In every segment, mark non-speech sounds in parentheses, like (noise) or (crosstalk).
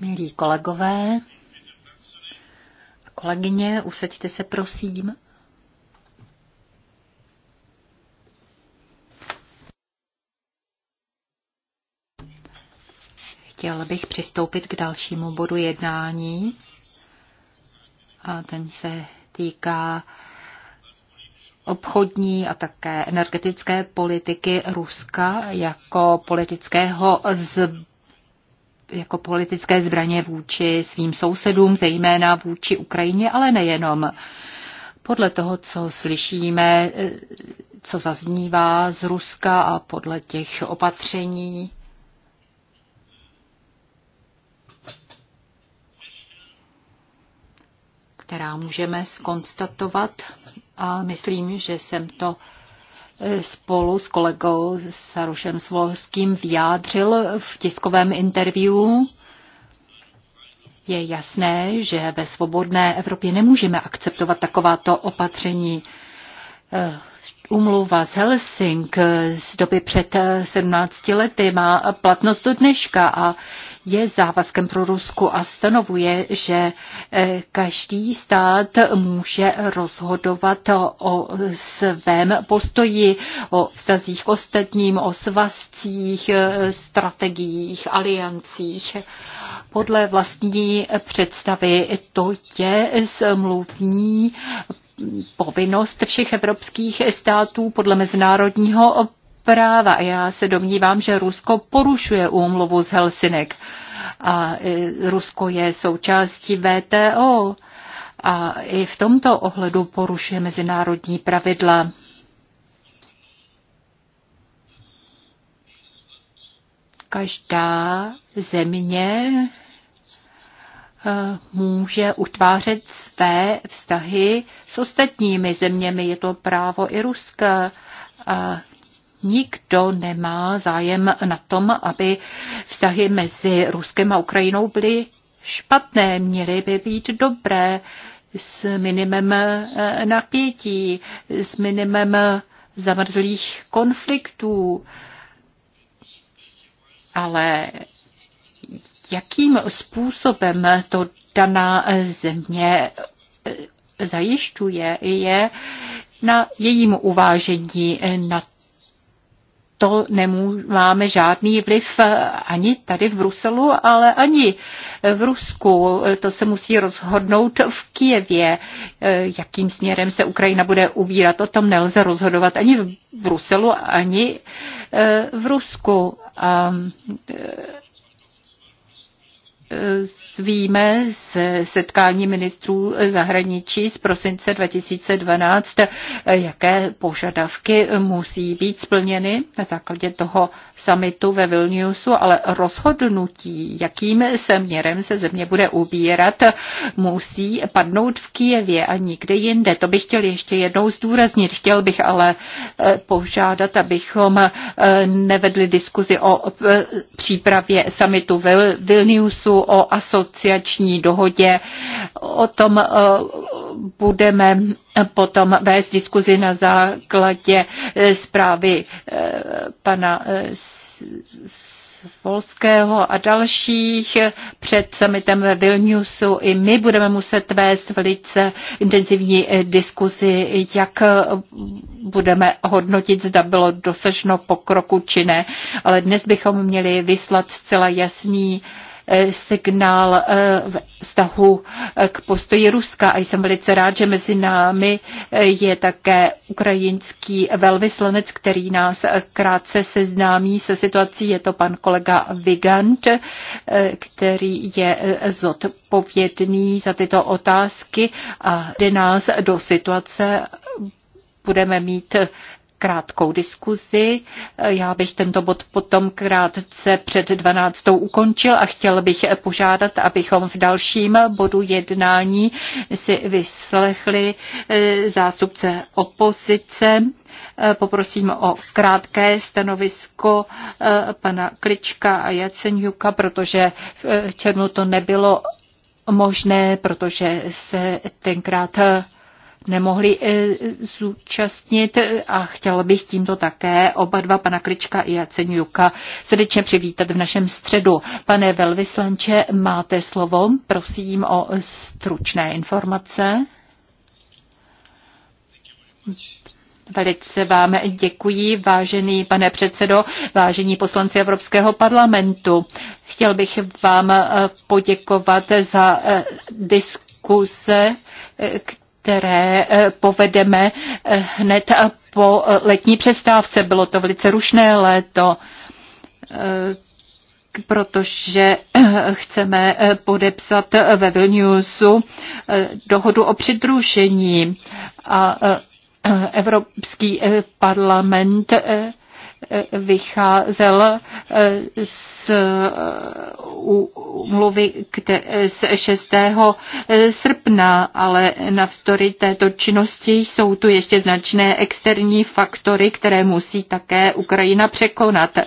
Milí kolegové a kolegyně, usaďte se prosím. Chtěl bych přistoupit k dalšímu bodu jednání a ten se týká obchodní a také energetické politiky Ruska jako politického zboru jako politické zbraně vůči svým sousedům, zejména vůči Ukrajině, ale nejenom. Podle toho, co slyšíme, co zaznívá z Ruska a podle těch opatření, která můžeme skonstatovat, a myslím, že jsem to spolu s kolegou Sarušem Svolským vyjádřil v tiskovém interview. Je jasné, že ve svobodné Evropě nemůžeme akceptovat takováto opatření. Umluva eh, z Helsing z doby před eh, 17 lety má platnost do dneška a je závazkem pro Rusko a stanovuje, že eh, každý stát může rozhodovat o svém postoji, o vztazích k ostatním, o svazcích, eh, strategiích, aliancích. Podle vlastní představy to je smluvní povinnost všech evropských států podle mezinárodního práva. A já se domnívám, že Rusko porušuje úmluvu z Helsinek a e, Rusko je součástí VTO. A i v tomto ohledu porušuje mezinárodní pravidla. Každá země e, může utvářet své vztahy s ostatními zeměmi. Je to právo i Ruska. A nikdo nemá zájem na tom, aby vztahy mezi Ruskem a Ukrajinou byly špatné, měly by být dobré s minimem eh, napětí, s minimem zamrzlých konfliktů. Ale jakým způsobem to daná eh, země eh, zajišťuje, je na jejím uvážení, na to nemáme žádný vliv eh, ani tady v Bruselu, ale ani v Rusku. Eh, to se musí rozhodnout v Kijevě, eh, jakým směrem se Ukrajina bude ubírat. O tom nelze rozhodovat ani v Bruselu, ani v Rusku. A víme se setkání ministrů zahraničí z prosince 2012, jaké požadavky musí být splněny na základě toho samitu ve Vilniusu, ale rozhodnutí, jakým směrem se země bude ubírat, musí padnout v Kijevě a nikde jinde. To bych chtěl ještě jednou zdůraznit. Chtěl bych ale eh, požádat, abychom eh, nevedli diskuzi o eh, přípravě samitu ve Vilniusu, o asociaci asociační dohodě. O tom eh, budeme potom vést diskuzi na základě eh, zprávy eh, pana Volského a dalších před summitem ve Vilniusu. I my budeme muset vést velice intenzivní diskuzi, jak budeme hodnotit, zda bylo dosaženo pokroku či ne. Ale dnes bychom měli vyslat zcela jasný Eh, signál eh, v vztahu eh, k postoji Ruska a jsem velice rád, že mezi námi je také ukrajinský velvyslanec, který nás krátce seznámí se situací. Je to pan kolega Vigant, který je zodpovědný za tyto otázky a jde nás do situace budeme mít krátkou diskuzi. Já bych tento bod potom krátce před 12. ukončil a chtěl bych požádat, abychom v dalším bodu jednání si vyslechli eh, zástupce opozice. Eh, poprosím o krátké stanovisko eh, pana Klička a Jaceňuka, protože v červnu to nebylo možné, protože se tenkrát nemohli eh, zúčastnit a chtěla bych tímto také oba dva pana Klička i Jaceňuka srdečně přivítat v našem středu. Pane velvyslanče, máte slovo, prosím o stručné informace. Velice vám děkuji, vážený pane předsedo, vážení poslanci Evropského parlamentu. Chtěl bych vám eh, poděkovat za eh, diskuse, které eh, povedeme eh, hned po letní přestávce. Bylo to velice rušné léto, eh, protože chceme podepsat ve Vilniusu dohodu o přidružení a Evropský parlament vycházel eh, z eh, mluvy eh, z 6. srpna, ale navzdory této činnosti jsou tu ještě značné externí faktory, které musí také Ukrajina překonat.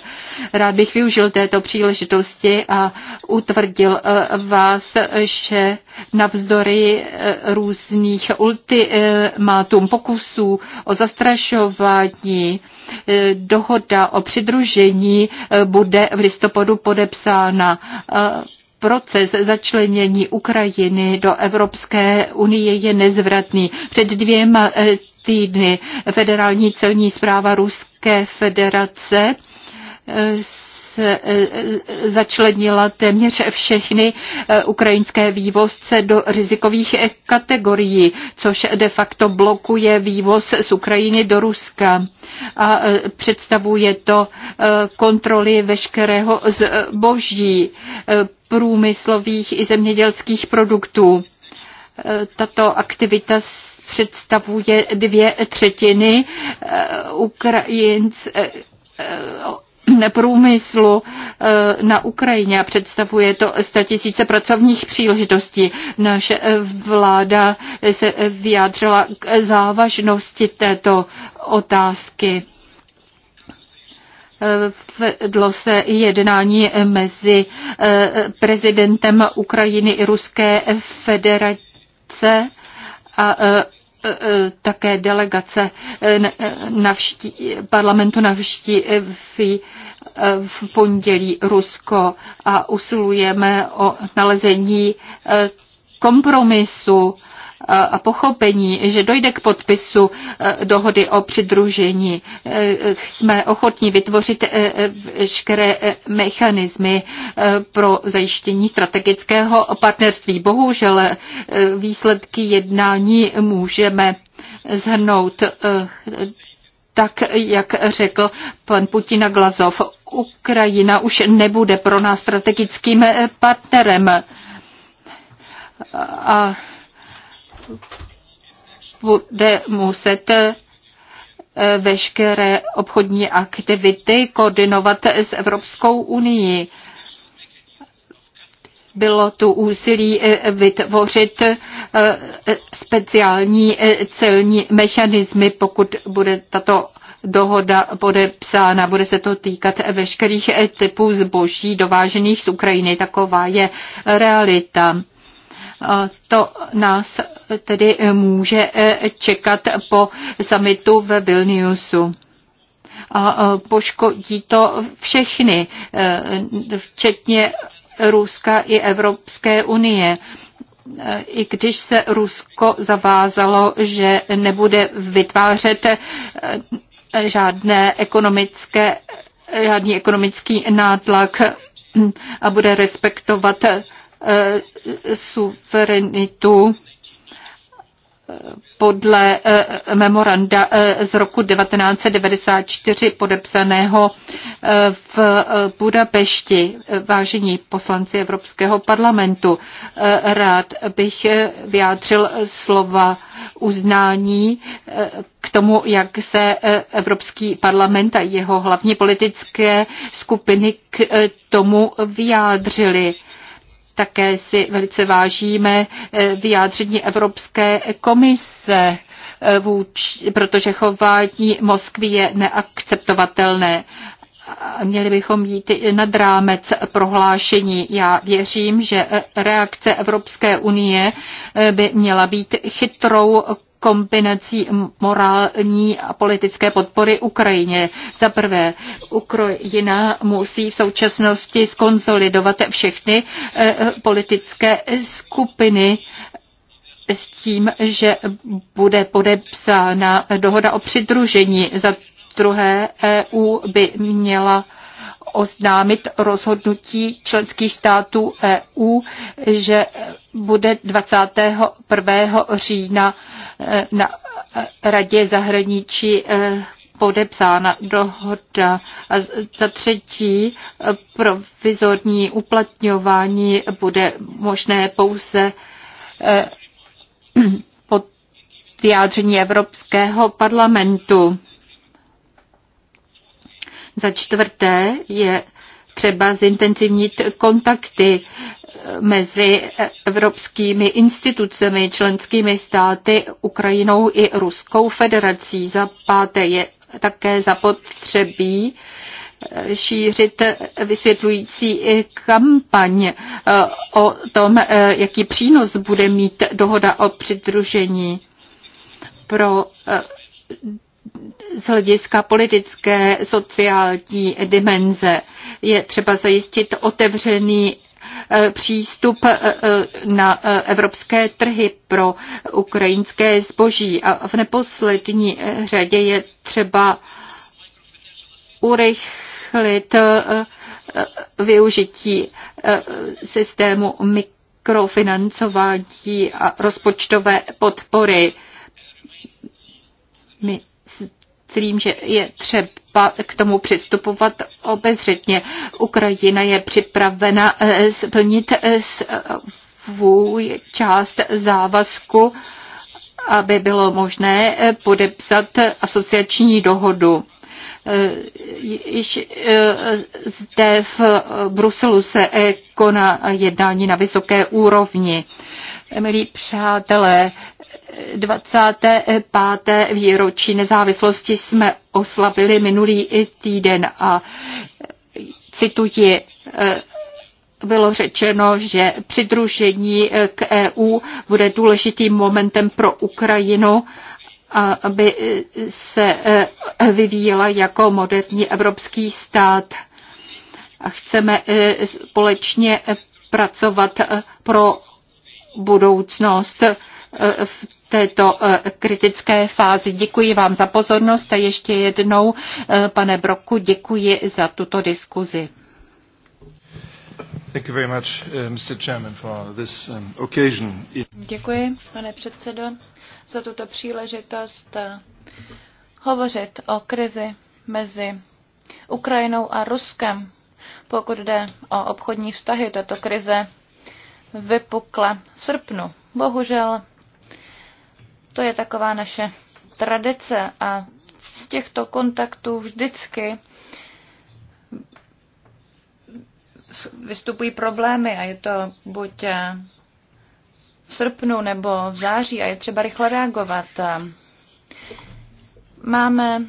Rád bych využil této příležitosti a utvrdil vás, že navzdory různých ultimátům pokusů o zastrašování, E, dohoda o přidružení e, bude v listopadu podepsána e, proces začlenění Ukrajiny do Evropské unie je nezvratný. Před dvěma týdny federální celní zpráva Ruské federace Eh, eh, začlenila téměř všechny eh, ukrajinské vývozce do rizikových kategorií, což de facto blokuje vývoz z Ukrajiny do Ruska. A představuje to kontroly veškerého zboží, průmyslových i zemědělských produktů. Tato aktivita představuje dvě třetiny Ukrajinc průmyslu eh, na Ukrajině a představuje to 100 tisíce pracovních příležitostí. Naše eh, vláda se vyjádřila k závažnosti této otázky vedlo se jednání mezi eh, prezidentem Ukrajiny i Ruské federace a E, e, také delegace e, navští, parlamentu navštíví v pondělí Rusko a usilujeme o nalezení kompromisu a pochopení, že dojde k podpisu e, dohody o přidružení. E, jsme ochotní vytvořit e, veškeré mechanismy pro zajištění strategického partnerství. Bohužel výsledky jednání můžeme zhrnout tak, jak řekl pan Putina Glazov. Ukrajina už nebude pro nás strategickým partnerem. A bude muset eh, veškeré obchodní aktivity koordinovat s Evropskou unii. Bylo tu úsilí eh, vytvořit eh, speciální celní mechanismy, pokud bude tato dohoda podepsána. Bude se to týkat veškerých typů zboží dovážených z Ukrajiny. Taková je realita. To nás tedy eh, může eh, čekat po samitu ve Vilniusu a eh, poškodí to všechny, včetně Ruska i Evropské unie. I když se Rusko zavázalo, že nebude vytvářet žádné ekonomické, žádný ekonomický nátlak a bude respektovat suverenitu podle eh, memoranda eh, z roku 1994 podepsaného eh, v Budapešti. Vážení poslanci Evropského parlamentu, rád bych vyjádřil slova uznání k tomu, jak se Evropský parlament a jeho hlavní politické skupiny k tomu vyjádřili. Také si velice vážíme eh, vyjádření Evropské komise eh, vůč, protože chování Moskvy je neakceptovatelné. Měli bychom jít nad rámec prohlášení. Já věřím, že reakce Evropské unie eh, by měla být chytrou, kombinací morální a politické podpory Ukrajině. Za prvé, Ukrajina musí v současnosti skonsolidovat všechny eh, politické skupiny s tím, že bude podepsána dohoda o přidružení. Za druhé, EU by měla oznámit rozhodnutí členských států EU, že bude 21. října e, na Radě zahraničí e, podepsána dohoda. A za třetí, provizorní uplatňování bude možné pouze e, pod vyjádření Evropského parlamentu. Za čtvrté je třeba zintenzivnit kontakty mezi evropskými institucemi, členskými státy, Ukrajinou i Ruskou federací. Za páté je také zapotřebí šířit vysvětlující kampaň o tom, jaký přínos bude mít dohoda o přidružení pro z hlediska politické, sociální dimenze. Je třeba zajistit otevřený e, přístup e, e, na evropské trhy pro ukrajinské zboží. A v neposlední řadě je třeba urychlit využití systému mikrofinancování a rozpočtové podpory. My myslím, že je třeba k tomu přistupovat obezřetně. Ukrajina je připravena eh, splnit eh, eh, svůj část závazku, aby bylo možné podepsat asociační dohodu. Již zde v Bruselu se koná jednání na vysoké úrovni. Milí přátelé, 25. výročí nezávislosti jsme oslavili minulý týden a cituji bylo řečeno, že přidružení k EU bude důležitým momentem pro Ukrajinu, aby se e, vyvíjela jako moderní evropský stát. A chceme e, společně pracovat e, pro budoucnost v této eh, kritické fázi. Děkuji vám za pozornost a ještě jednou, eh, pane Broku, děkuji za tuto diskuzi. Eh, um, děkuji, pane předsedo, za tuto příležitost hovořit o krizi mezi Ukrajinou a Ruskem. Pokud jde o obchodní vztahy, tato krize vypukla v srpnu. Bohužel to je taková naše tradice a z těchto kontaktů vždycky vystupují problémy a je to buď v srpnu nebo v září a je třeba rychle reagovat. Máme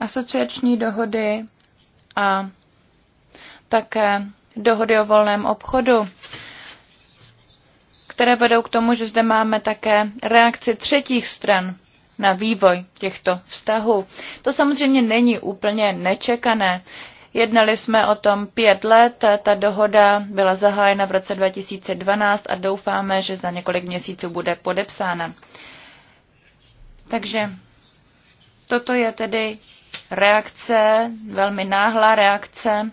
asociační dohody a také dohody o volném obchodu které vedou k tomu, že zde máme také reakci třetích stran na vývoj těchto vztahů. To samozřejmě není úplně nečekané. Jednali jsme o tom pět let, ta dohoda byla zahájena v roce 2012 a doufáme, že za několik měsíců bude podepsána. Takže toto je tedy reakce, velmi náhlá reakce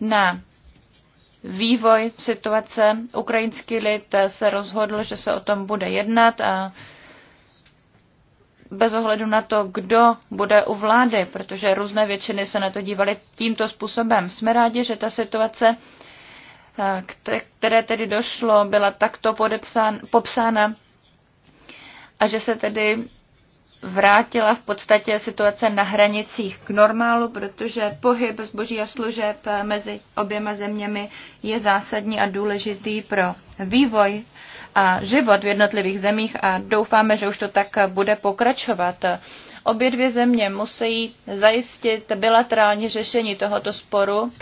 na vývoj situace. Ukrajinský lid se rozhodl, že se o tom bude jednat a bez ohledu na to, kdo bude u vlády, protože různé většiny se na to dívaly tímto způsobem. Jsme rádi, že ta situace, eh, které tedy došlo, byla takto podepsán, popsána a že se tedy vrátila v podstatě situace na hranicích k normálu, protože pohyb zboží a služeb mezi oběma zeměmi je zásadní a důležitý pro vývoj a život v jednotlivých zemích a doufáme, že už to tak bude pokračovat. Obě dvě země musí zajistit bilaterální řešení tohoto sporu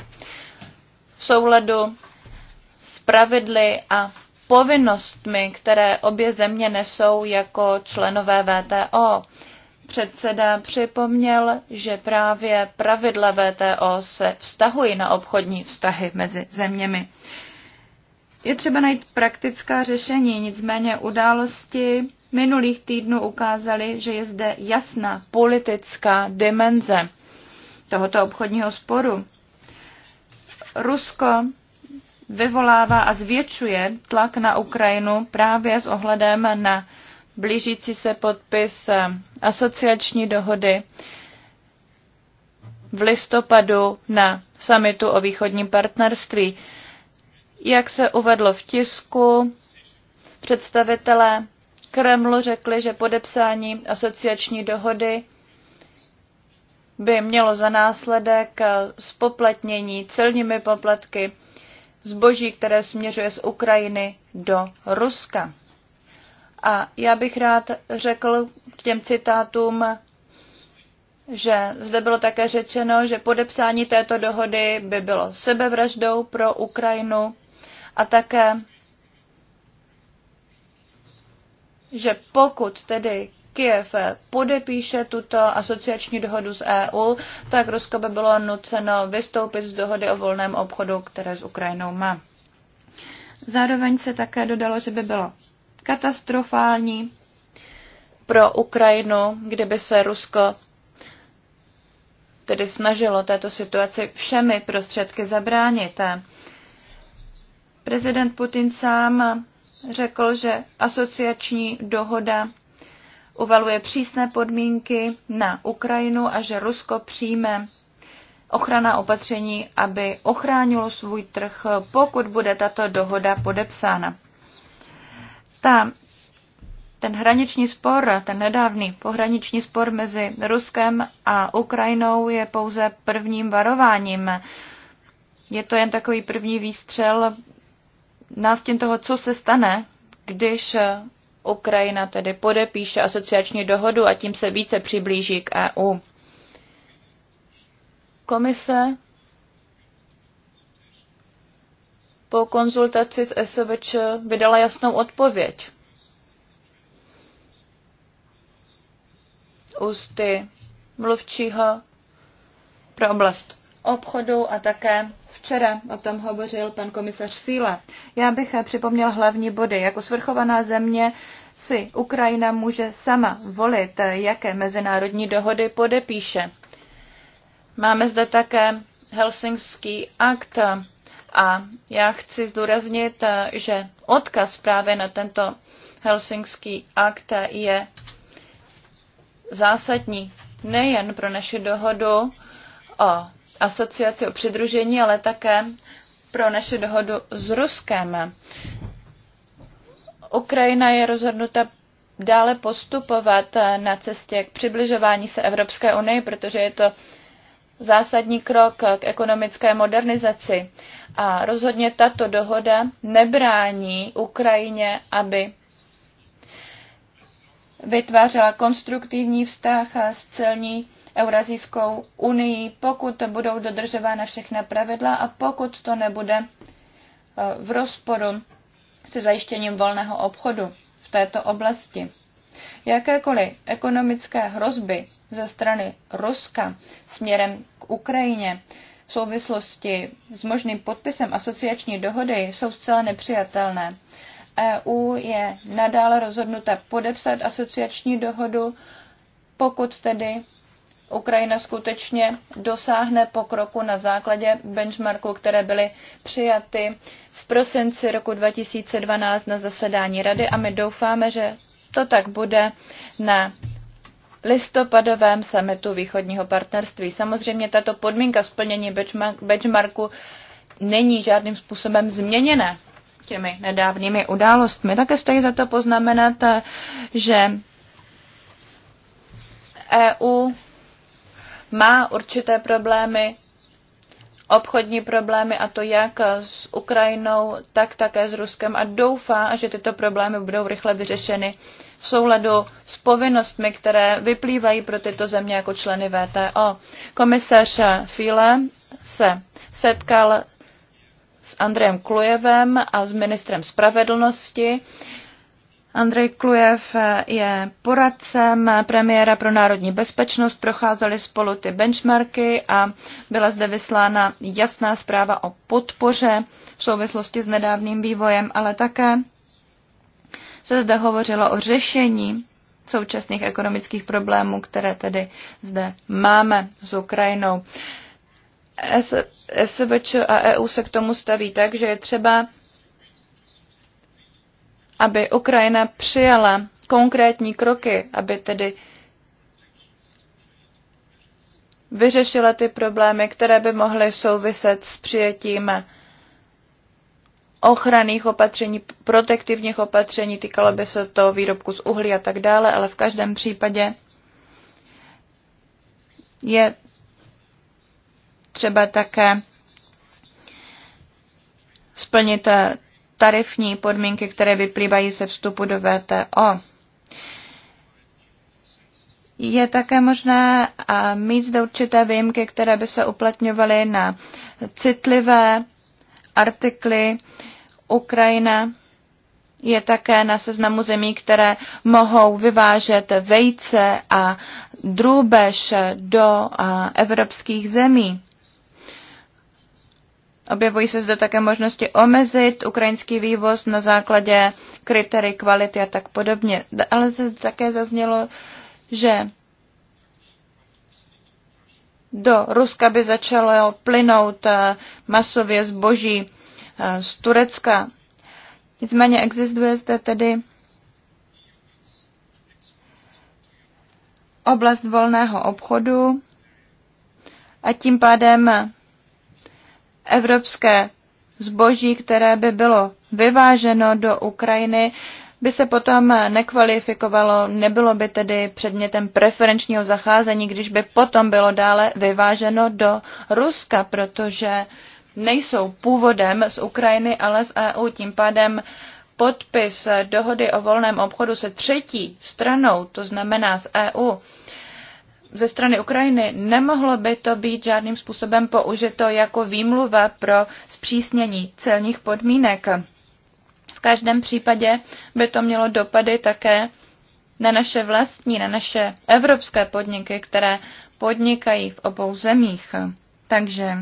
v souladu s pravidly a povinnostmi, které obě země nesou jako členové VTO. Předseda připomněl, že právě pravidla VTO se vztahují na obchodní vztahy mezi zeměmi. Je třeba najít praktická řešení, nicméně události minulých týdnů ukázaly, že je zde jasná politická dimenze tohoto obchodního sporu. Rusko vyvolává a zvětšuje tlak na Ukrajinu právě s ohledem na blížící se podpis eh, asociační dohody v listopadu na samitu o východním partnerství. Jak se uvedlo v tisku, představitelé Kremlu řekli, že podepsání asociační dohody by mělo za následek spoplatnění eh, celními poplatky zboží, které směřuje z Ukrajiny do Ruska. A já bych rád řekl k těm citátům, že zde bylo také řečeno, že podepsání této dohody by bylo sebevraždou pro Ukrajinu a také, že pokud tedy Kiev podepíše tuto asociační dohodu s EU, tak Rusko by bylo nuceno vystoupit z dohody o volném obchodu, které s Ukrajinou má. Zároveň se také dodalo, že by bylo katastrofální pro Ukrajinu, kdyby se Rusko tedy snažilo této situaci všemi prostředky zabránit. Prezident Putin sám řekl, že asociační dohoda uvaluje přísné podmínky na Ukrajinu a že Rusko přijme ochrana opatření, aby ochránilo svůj trh, pokud bude tato dohoda podepsána. Ta, ten hraniční spor, ten nedávný pohraniční spor mezi Ruskem a Ukrajinou je pouze prvním varováním. Je to jen takový první výstřel nástěn toho, co se stane, když Ukrajina tedy podepíše asociační dohodu a tím se více přiblíží k EU. Komise po konzultaci s SVČ vydala jasnou odpověď. Ústy mluvčího pro oblast obchodu a také Včera o tom hovořil pan komisař Fíle. Já bych připomněl hlavní body. Jako svrchovaná země si Ukrajina může sama volit, jaké mezinárodní dohody podepíše. Máme zde také Helsingský akt a já chci zdůraznit, že odkaz právě na tento Helsingský akt je zásadní nejen pro naši dohodu o asociaci o přidružení, ale také pro naši dohodu s Ruskem. Ukrajina je rozhodnuta dále postupovat na cestě k přibližování se Evropské unii, protože je to zásadní krok k ekonomické modernizaci. A rozhodně tato dohoda nebrání Ukrajině, aby vytvářela konstruktivní vztah s celní Eurazijskou unii, pokud budou dodržována všechna pravidla a pokud to nebude eh, v rozporu se zajištěním volného obchodu v této oblasti. Jakékoliv ekonomické hrozby ze strany Ruska směrem k Ukrajině v souvislosti s možným podpisem asociační dohody jsou zcela nepřijatelné. EU je nadále rozhodnuta podepsat asociační dohodu, pokud tedy Ukrajina skutečně dosáhne pokroku na základě benchmarků, které byly přijaty v prosinci roku 2012 na zasedání rady a my doufáme, že to tak bude na listopadovém summitu východního partnerství. Samozřejmě tato podmínka splnění benchmarku není žádným způsobem změněna těmi nedávnými událostmi. Také stojí za to poznamenat, že EU má určité problémy, obchodní problémy a to jak s Ukrajinou, tak také s Ruskem a doufá, že tyto problémy budou rychle vyřešeny v souladu s povinnostmi, které vyplývají pro tyto země jako členy VTO. Komisař File se setkal s Andrejem Klujevem a s ministrem spravedlnosti. Andrej Klujev je poradcem premiéra pro národní bezpečnost, procházeli spolu ty benchmarky a byla zde vyslána jasná zpráva o podpoře v souvislosti s nedávným vývojem, ale také se zde hovořilo o řešení současných ekonomických problémů, které tedy zde máme s Ukrajinou. SVČ a EU se k tomu staví tak, že je třeba aby Ukrajina přijala konkrétní kroky, aby tedy vyřešila ty problémy, které by mohly souviset s přijetím ochranných opatření, protektivních opatření, týkalo by se to výrobku z uhlí a tak dále, ale v každém případě je třeba také splnit eh, tarifní podmínky, které vyplývají ze vstupu do VTO. Je také možné eh, mít zde určité výjimky, které by se uplatňovaly na citlivé artikly. Ukrajina je také na seznamu zemí, které mohou vyvážet vejce a drůbež do eh, evropských zemí. Objevují se zde také možnosti omezit ukrajinský vývoz na základě kritérií kvality a tak podobně. Ale zde také zaznělo, že do Ruska by začalo plynout eh, masově zboží eh, z Turecka. Nicméně existuje zde tedy oblast volného obchodu a tím pádem evropské zboží, které by bylo vyváženo do Ukrajiny, by se potom nekvalifikovalo, nebylo by tedy předmětem preferenčního zacházení, když by potom bylo dále vyváženo do Ruska, protože nejsou původem z Ukrajiny, ale z EU. Tím pádem podpis dohody o volném obchodu se třetí stranou, to znamená z EU, ze strany Ukrajiny, nemohlo by to být žádným způsobem použito jako výmluva pro zpřísnění celních podmínek. V každém případě by to mělo dopady také na naše vlastní, na naše evropské podniky, které podnikají v obou zemích. Takže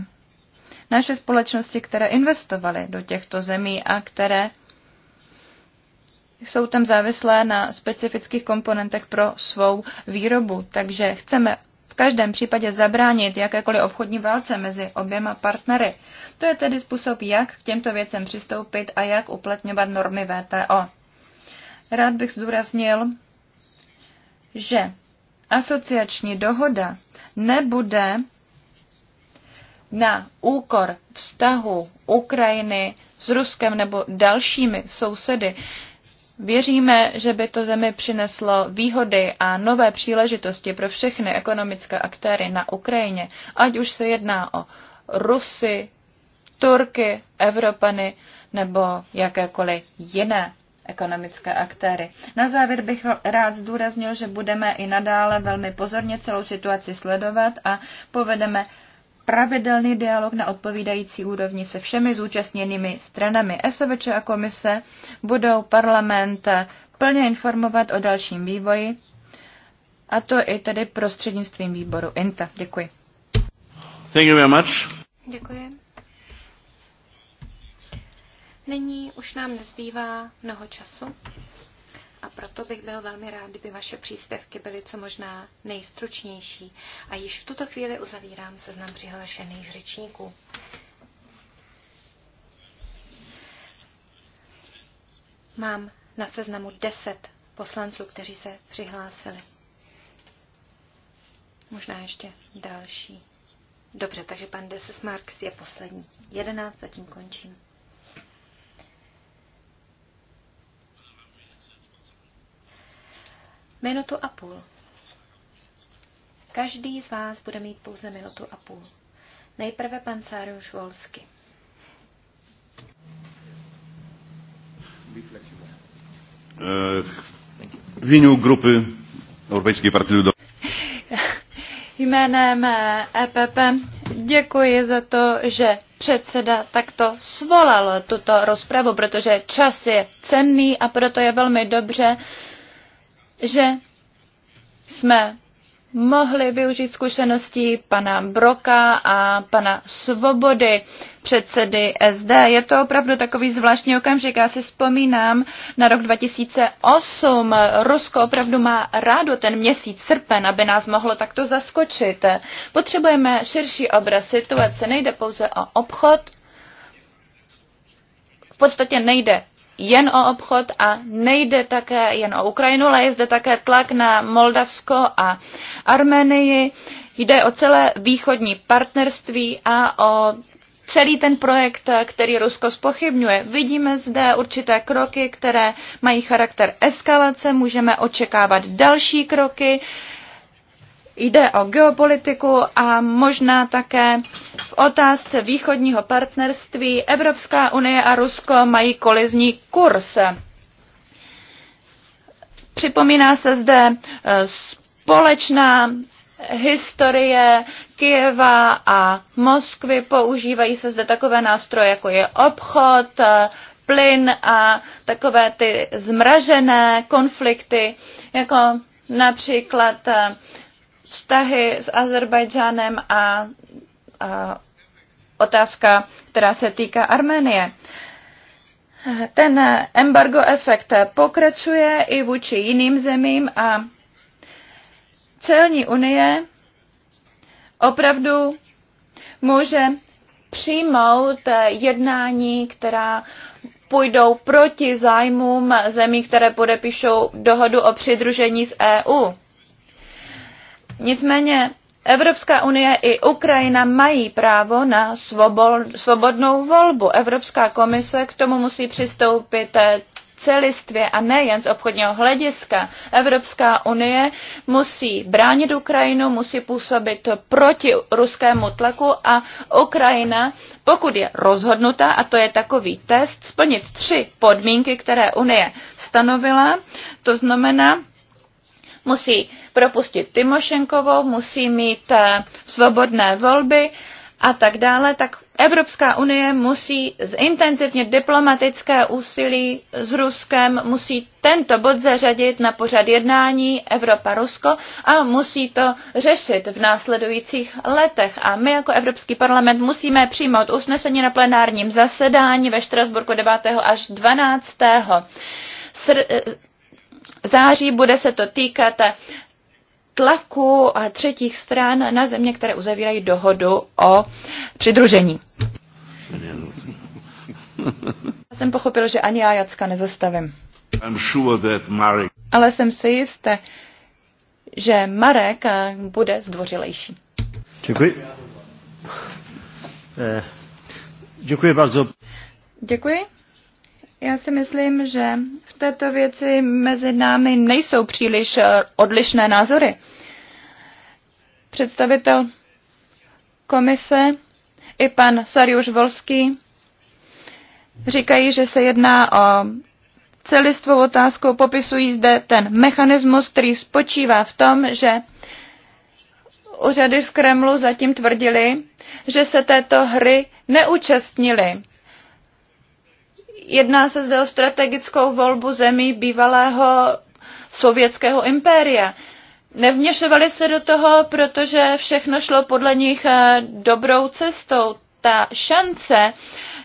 naše společnosti, které investovaly do těchto zemí a které jsou tam závislé na specifických komponentech pro svou výrobu. Takže chceme v každém případě zabránit jakékoliv obchodní válce mezi oběma partnery. To je tedy způsob, jak k těmto věcem přistoupit a jak uplatňovat normy VTO. Rád bych zdůraznil, že asociační dohoda nebude na úkor vztahu Ukrajiny s Ruskem nebo dalšími sousedy. Věříme, že by to zemi přineslo výhody a nové příležitosti pro všechny ekonomické aktéry na Ukrajině, ať už se jedná o Rusy, Turky, Evropany nebo jakékoliv jiné ekonomické aktéry. Na závěr bych rád zdůraznil, že budeme i nadále velmi pozorně celou situaci sledovat a povedeme pravidelný dialog na odpovídající úrovni se všemi zúčastněnými stranami. SVČ a komise budou parlament plně informovat o dalším vývoji, a to i tedy prostřednictvím výboru INTA. Děkuji. Thank you very much. Děkuji. Nyní už nám nezbývá mnoho času a proto bych byl velmi rád, kdyby vaše příspěvky byly co možná nejstručnější. A již v tuto chvíli uzavírám seznam přihlášených řečníků. Mám na seznamu deset poslanců, kteří se přihlásili. Možná ještě další. Dobře, takže pan Desesmarks je poslední. Jedenáct zatím končím. Minutu a půl. Každý z vás bude mít pouze minutu a půl. Nejprve pan Sáruš Volsky. Eh, v jménu grupy Evropské partii lidové. Jménem EPP eh, e děkuji za to, že předseda takto svolal tuto rozpravu, protože čas je cenný a proto je velmi dobře, že jsme mohli využít zkušeností pana Broka a pana Svobody, předsedy SD. Je to opravdu takový zvláštní okamžik. Já si vzpomínám na rok 2008. Rusko opravdu má rádo ten měsíc srpen, aby nás mohlo takto zaskočit. Potřebujeme širší obraz situace. Nejde pouze o obchod, v podstatě nejde jen o obchod a nejde také jen o Ukrajinu, ale je zde také tlak na Moldavsko a Armenii. Jde o celé východní partnerství a o celý ten projekt, který Rusko spochybňuje. Vidíme zde určité kroky, které mají charakter eskalace, můžeme očekávat další kroky. Jde o geopolitiku a možná také v otázce východního partnerství Evropská unie a Rusko mají kolizní kurz. Připomíná se zde eh, společná historie Kijeva a Moskvy. Používají se zde takové nástroje, jako je obchod, eh, plyn a takové ty zmražené konflikty, jako například eh, vztahy s Azerbajdžánem a, a otázka, která se týká Arménie. Ten embargo efekt pokračuje i vůči jiným zemím a celní unie opravdu může přijmout jednání, která půjdou proti zájmům zemí, které podepíšou dohodu o přidružení s EU. Nicméně Evropská unie i Ukrajina mají právo na svobodnou volbu. Evropská komise k tomu musí přistoupit eh, celistvě a nejen z obchodního hlediska. Evropská unie musí bránit Ukrajinu, musí působit proti ruskému tlaku a Ukrajina, pokud je rozhodnuta, a to je takový test, splnit tři podmínky, které unie stanovila, to znamená, musí propustit Timošenkovou, musí mít eh, svobodné volby a tak dále, tak Evropská unie musí zintenzivnit diplomatické úsilí s Ruskem, musí tento bod zařadit na pořad jednání Evropa-Rusko a musí to řešit v následujících letech. A my jako Evropský parlament musíme přijmout usnesení na plenárním zasedání ve Štrasburku 9. až 12. Sr- eh, září bude se to týkat tlaku a třetích stran na země, které uzavírají dohodu o přidružení. Já jsem pochopil, že ani já Jacka nezastavím. Sure Marek... Ale jsem si jistý, že Marek bude zdvořilejší. Děkuji. Eh, děkuji bardzo. Děkuji. Já si myslím, že této věci mezi námi nejsou příliš eh, odlišné názory. Představitel komise i pan Sarjuš Volský říkají, že se jedná o celistvou otázku, popisují zde ten mechanismus, který spočívá v tom, že úřady v Kremlu zatím tvrdili, že se této hry neúčastnili Jedná se zde o strategickou volbu zemí bývalého sovětského impéria. Nevměšovali se do toho, protože všechno šlo podle nich eh, dobrou cestou. Ta šance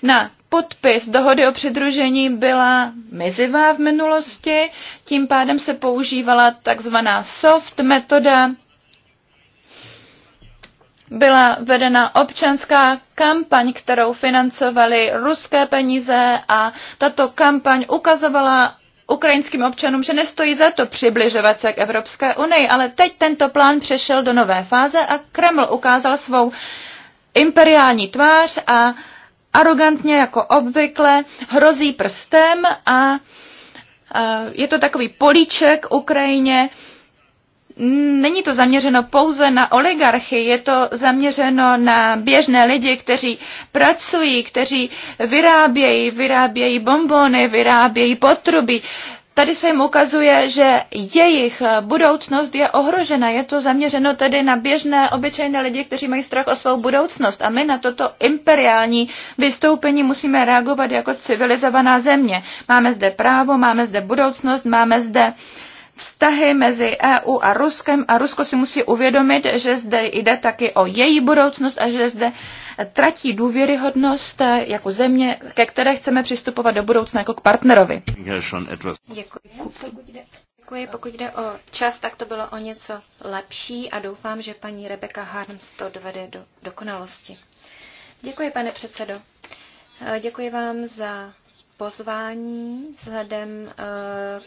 na podpis dohody o přidružení byla mizivá v minulosti, tím pádem se používala takzvaná soft metoda byla vedena občanská kampaň, kterou financovaly ruské peníze a tato kampaň ukazovala ukrajinským občanům, že nestojí za to přibližovat se k Evropské unii, ale teď tento plán přešel do nové fáze a Kreml ukázal svou imperiální tvář a arrogantně jako obvykle hrozí prstem a je to takový políček Ukrajině, není to zaměřeno pouze na oligarchy, je to zaměřeno na běžné lidi, kteří pracují, kteří vyrábějí, vyrábějí bombony, vyrábějí potruby. Tady se jim ukazuje, že jejich budoucnost je ohrožena. Je to zaměřeno tedy na běžné, obyčejné lidi, kteří mají strach o svou budoucnost. A my na toto imperiální vystoupení musíme reagovat jako civilizovaná země. Máme zde právo, máme zde budoucnost, máme zde uh, vztahy mezi EU a Ruskem a Rusko si musí uvědomit, že zde jde taky o její budoucnost a že zde tratí důvěryhodnost eh, jako země, ke které chceme přistupovat do budoucna jako k partnerovi. Děkuji. děkuji. Pokud jde o čas, tak to bylo o něco lepší a doufám, že paní Rebecca Harms to dovede do dokonalosti. Děkuji, pane předsedo. Eh, děkuji vám za pozvání vzhledem eh,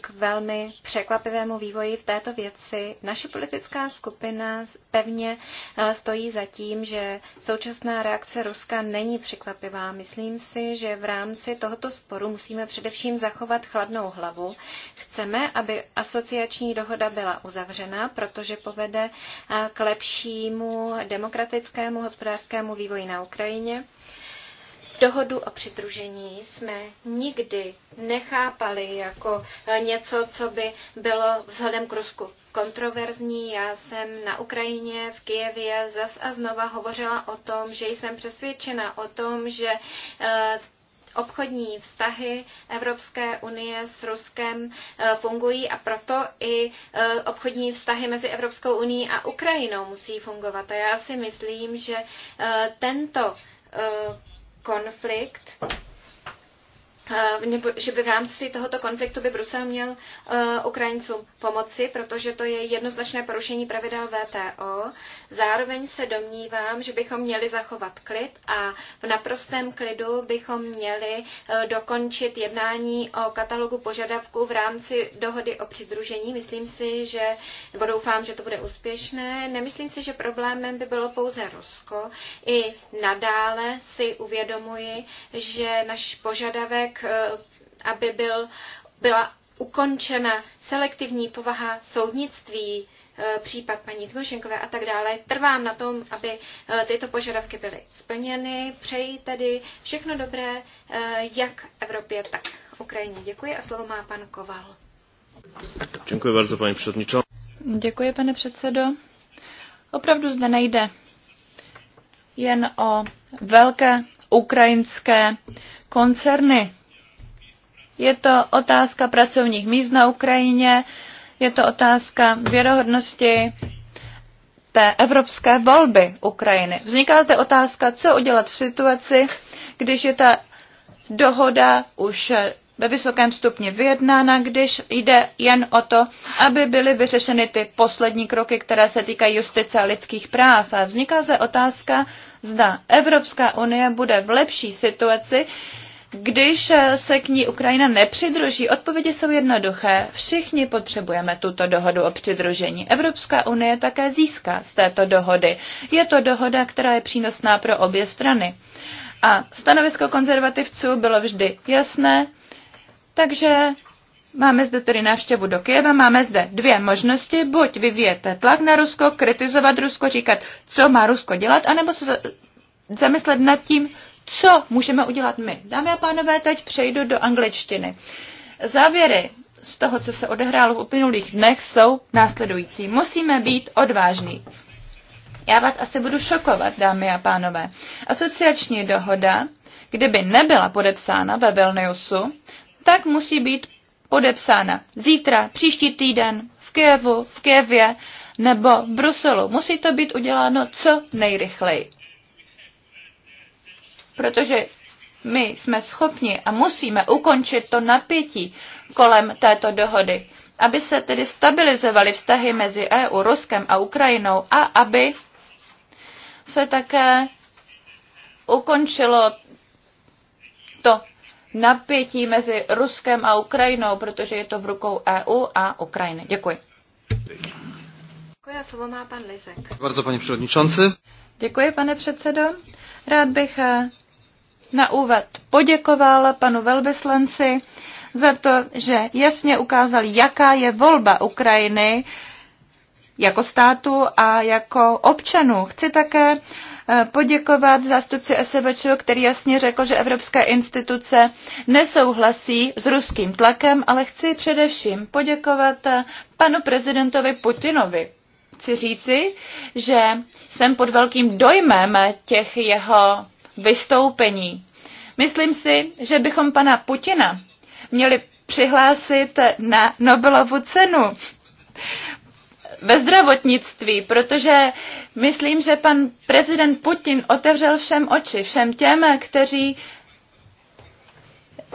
k velmi překvapivému vývoji v této věci. Naše politická skupina pevně eh, stojí za tím, že současná reakce Ruska není překvapivá. Myslím si, že v rámci tohoto sporu musíme především zachovat chladnou hlavu. Chceme, aby asociační dohoda byla uzavřena, protože povede eh, k lepšímu demokratickému hospodářskému vývoji na Ukrajině. Dohodu o přidružení jsme nikdy nechápali jako eh, něco, co by bylo vzhledem k Rusku kontroverzní. Já jsem na Ukrajině, v Kijevě zas a znova hovořila o tom, že jsem přesvědčena o tom, že eh, obchodní vztahy Evropské unie s Ruskem eh, fungují a proto i obchodní vztahy mezi Evropskou unii a Ukrajinou musí fungovat. A já si myslím, že tento konflikt Eh, nebo že by v rámci tohoto konfliktu by Brusel měl eh, Ukrajincům pomoci, protože to je jednoznačné porušení pravidel VTO. Zároveň se domnívám, že bychom měli zachovat klid a v naprostém klidu bychom měli eh, dokončit jednání o katalogu požadavků v rámci dohody o přidružení. Myslím si, že, nebo doufám, že to bude úspěšné. Nemyslím si, že problémem by bylo pouze Rusko. I nadále si uvědomuji, že náš požadavek Eh, aby byl, byla ukončena selektivní povaha soudnictví, eh, případ paní Tmošenkové a tak dále. Trvám na tom, aby eh, tyto požadavky byly splněny. Přeji tedy všechno dobré, jak Evropě, tak Ukrajině. Děkuji a slovo má pan Koval. Děkuji bardzo, paní předničo. Děkuji, pane předsedo. Opravdu zde nejde jen o velké ukrajinské koncerny, je to otázka pracovních míst na Ukrajině, je to otázka věrohodnosti té evropské volby Ukrajiny. Vzniká zde otázka, co udělat v situaci, když je ta dohoda už ve vysokém stupni vyjednána, když jde jen o to, aby byly vyřešeny ty poslední kroky, které se týkají justice a lidských práv. A vzniká zde otázka, zda Evropská unie bude v lepší situaci, když eh, se k ní Ukrajina nepřidruží, odpovědi jsou jednoduché. Všichni potřebujeme tuto dohodu o přidružení. Evropská unie také získá z této dohody. Je to dohoda, která je přínosná pro obě strany. A stanovisko konzervativců bylo vždy jasné, takže Máme zde tedy návštěvu do Kyjeva, máme zde dvě možnosti, buď vyvíjete tlak na Rusko, kritizovat Rusko, říkat, co má Rusko dělat, anebo se zamyslet nad tím, co můžeme udělat my. Dámy a pánové, teď přejdu do angličtiny. Závěry z toho, co se odehrálo v uplynulých dnech, jsou následující. Musíme být odvážní. Já vás asi budu šokovat, dámy a pánové. Asociační dohoda, kdyby nebyla podepsána ve Vilniusu, tak musí být podepsána zítra, příští týden, v Kijevu, v Kijevě nebo v Bruselu. Musí to být uděláno co nejrychleji protože my jsme schopni a musíme ukončit to napětí kolem této dohody, aby se tedy stabilizovaly vztahy mezi EU, Ruskem a Ukrajinou a aby se také ukončilo to napětí mezi Ruskem a Ukrajinou, protože je to v rukou EU a Ukrajiny. Děkuji. Děkuji slovo má pan Lizek. Děkuji, pane předsedo. Rád bych eh, na úvod poděkoval panu velvyslanci za to, že jasně ukázal, jaká je volba Ukrajiny jako státu a jako občanů. Chci také eh, poděkovat zástupci SVČ, který jasně řekl, že evropské instituce nesouhlasí s ruským tlakem, ale chci především poděkovat eh, panu prezidentovi Putinovi. Chci říci, že jsem pod velkým dojmem těch jeho vystoupení. Myslím si, že bychom pana Putina měli přihlásit na Nobelovu cenu ve zdravotnictví, protože myslím, že pan prezident Putin otevřel všem oči, všem těm, kteří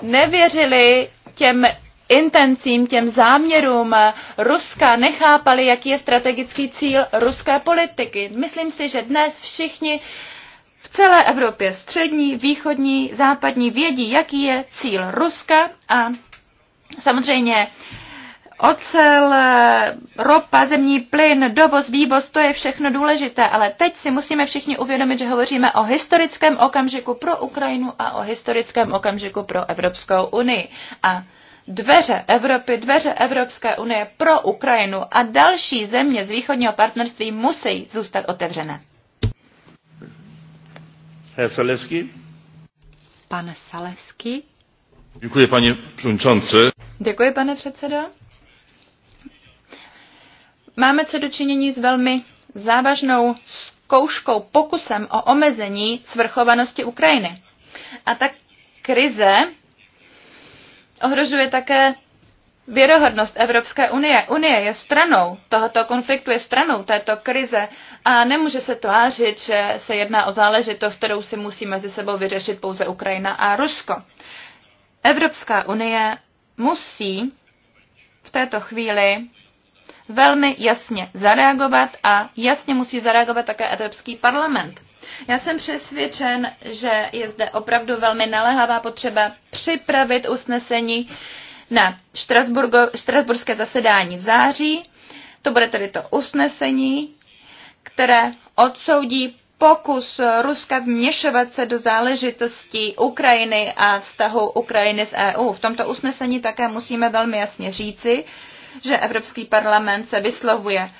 nevěřili těm intencím, těm záměrům Ruska, nechápali, jaký je strategický cíl ruské politiky. Myslím si, že dnes všichni celé Evropě střední, východní, západní vědí, jaký je cíl Ruska a samozřejmě ocel, ropa, zemní plyn, dovoz, vývoz, to je všechno důležité, ale teď si musíme všichni uvědomit, že hovoříme o historickém okamžiku pro Ukrajinu a o historickém okamžiku pro Evropskou unii. A dveře Evropy, dveře Evropské unie pro Ukrajinu a další země z východního partnerství musí zůstat otevřené. Herr Salesky. Pan Salewski. Děkuji, paní předsedající. Děkuji, pane předsedo. Máme co dočinění s velmi závažnou zkouškou, pokusem o omezení svrchovanosti Ukrajiny. A ta krize ohrožuje také věrohodnost Evropské unie. Unie je stranou tohoto konfliktu, je stranou této krize a nemůže se tvářit, že se jedná o záležitost, kterou si musí mezi sebou vyřešit pouze Ukrajina a Rusko. Evropská unie musí v této chvíli velmi jasně zareagovat a jasně musí zareagovat také Evropský parlament. Já jsem přesvědčen, že je zde opravdu velmi naléhavá potřeba připravit usnesení, na štrasburské zasedání v září. To bude tedy to usnesení, které odsoudí pokus Ruska vměšovat se do záležitostí Ukrajiny a vztahu Ukrajiny s EU. V tomto usnesení také musíme velmi jasně říci, že Evropský parlament se vyslovuje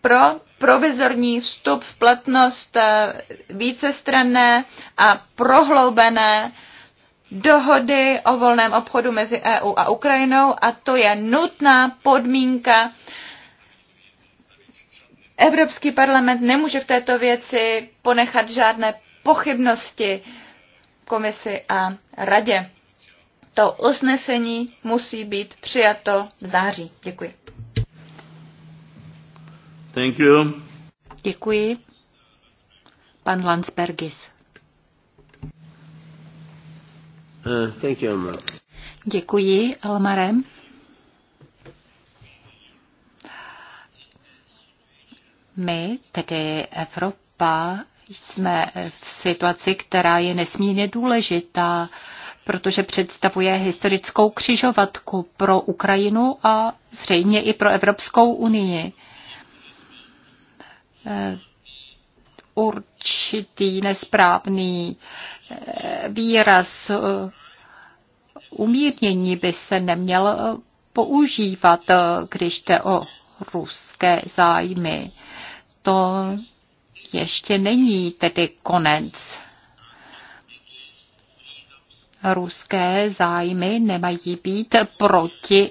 pro provizorní vstup v platnost eh, vícestranné a prohloubené dohody o volném obchodu mezi EU a Ukrajinou a to je nutná podmínka. Evropský parlament nemůže v této věci ponechat žádné pochybnosti komisi a radě. To usnesení musí být přijato v září. Děkuji. Thank you. Děkuji. Pan Landsbergis. Uh, thank you, Elmar. Děkuji, Elmare. My, tedy Evropa, jsme v situaci, která je nesmírně důležitá, protože představuje historickou křižovatku pro Ukrajinu a zřejmě i pro Evropskou unii určitý nesprávný eh, výraz umírnění by se neměl eh, používat, eh, když jde o ruské zájmy. To ještě není tedy konec. Ruské zájmy nemají být proti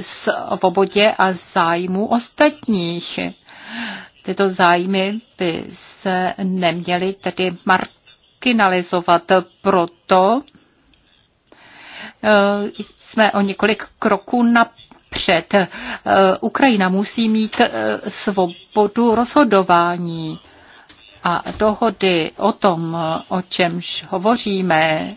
svobodě a zájmu ostatních. Tyto zájmy by se neměly tedy marginalizovat proto, eh, jsme o několik kroků napřed. Eh, Ukrajina musí mít eh, svobodu rozhodování a dohody o tom, o čemž hovoříme,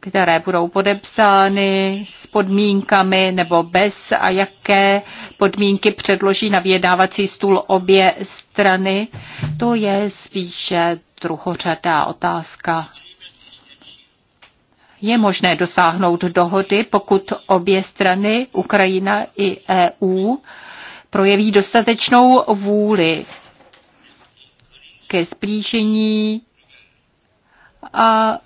které budou podepsány s podmínkami nebo bez a jaké podmínky předloží na vyjednávací stůl obě strany, to je spíše druhořadá otázka. Je možné dosáhnout dohody, pokud obě strany, Ukrajina i EU, projeví dostatečnou vůli ke zblížení a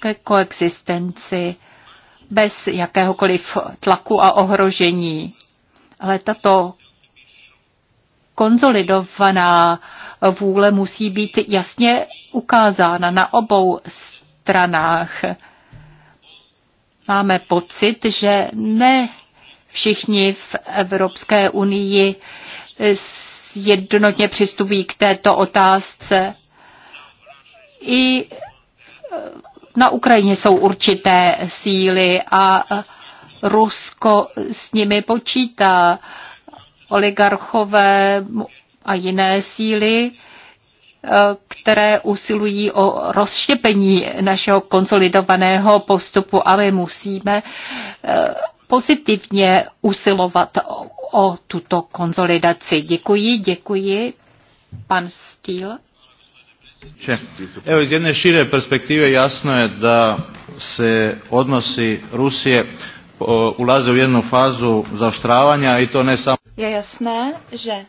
ke koexistenci bez jakéhokoliv tlaku a ohrožení. Ale tato konzolidovaná vůle musí být jasně ukázána na obou stranách. Máme pocit, že ne všichni v Evropské unii jednotně přistupují k této otázce. I na Ukrajině jsou určité síly a e, Rusko s nimi počítá. Oligarchové a jiné síly, e, které usilují o rozštěpení našeho konsolidovaného postupu a my musíme e, pozitivně usilovat o, tuto konsolidaci. Děkuji, děkuji. Pan Stíl. Če. Evo, iz jedne šire perspektive jasno je da se odnosi Rusije ulaze u jednu fazu zaoštravanja i to ne samo... Je jasné, že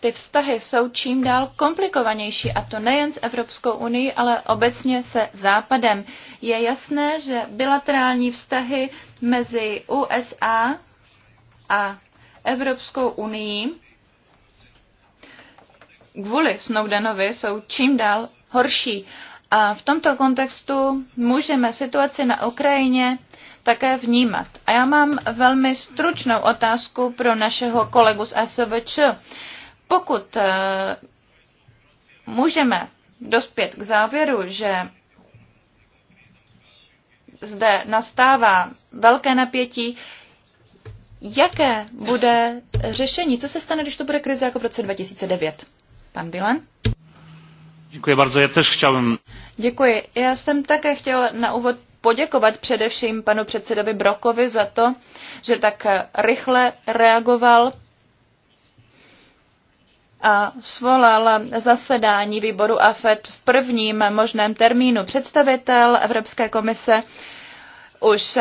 ty vztahy jsou čím dál komplikovanější a to nejen s Evropskou unii, ale obecně se Západem. Je jasné, že bilaterální vztahy mezi USA a Evropskou unii kvůli Snowdenovi jsou čím dál horší. A v tomto kontextu můžeme situaci na Ukrajině také vnímat. A já mám velmi stručnou otázku pro našeho kolegu z SVČ. Pokud eh, můžeme dospět k závěru, že zde nastává velké napětí, jaké bude řešení? Co se stane, když to bude krize jako v roce 2009? Pan Bilan? Děkuji bardzo, já tež chciałem... Děkuji. Já jsem také chtěl na úvod poděkovat především panu předsedovi Brokovi za to, že tak rychle reagoval a svolal zasedání výboru AFED v prvním možném termínu. Představitel Evropské komise už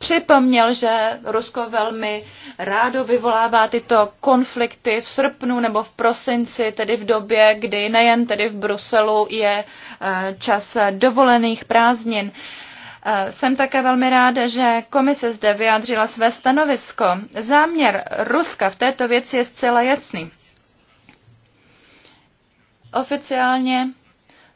připomněl, že Rusko velmi rádo vyvolává tyto konflikty v srpnu nebo v prosinci, tedy v době, kdy nejen tedy v Bruselu je eh, čas dovolených prázdnin. Eh, jsem také velmi ráda, že komise zde vyjádřila své stanovisko. Záměr Ruska v této věci je zcela jasný. Oficiálně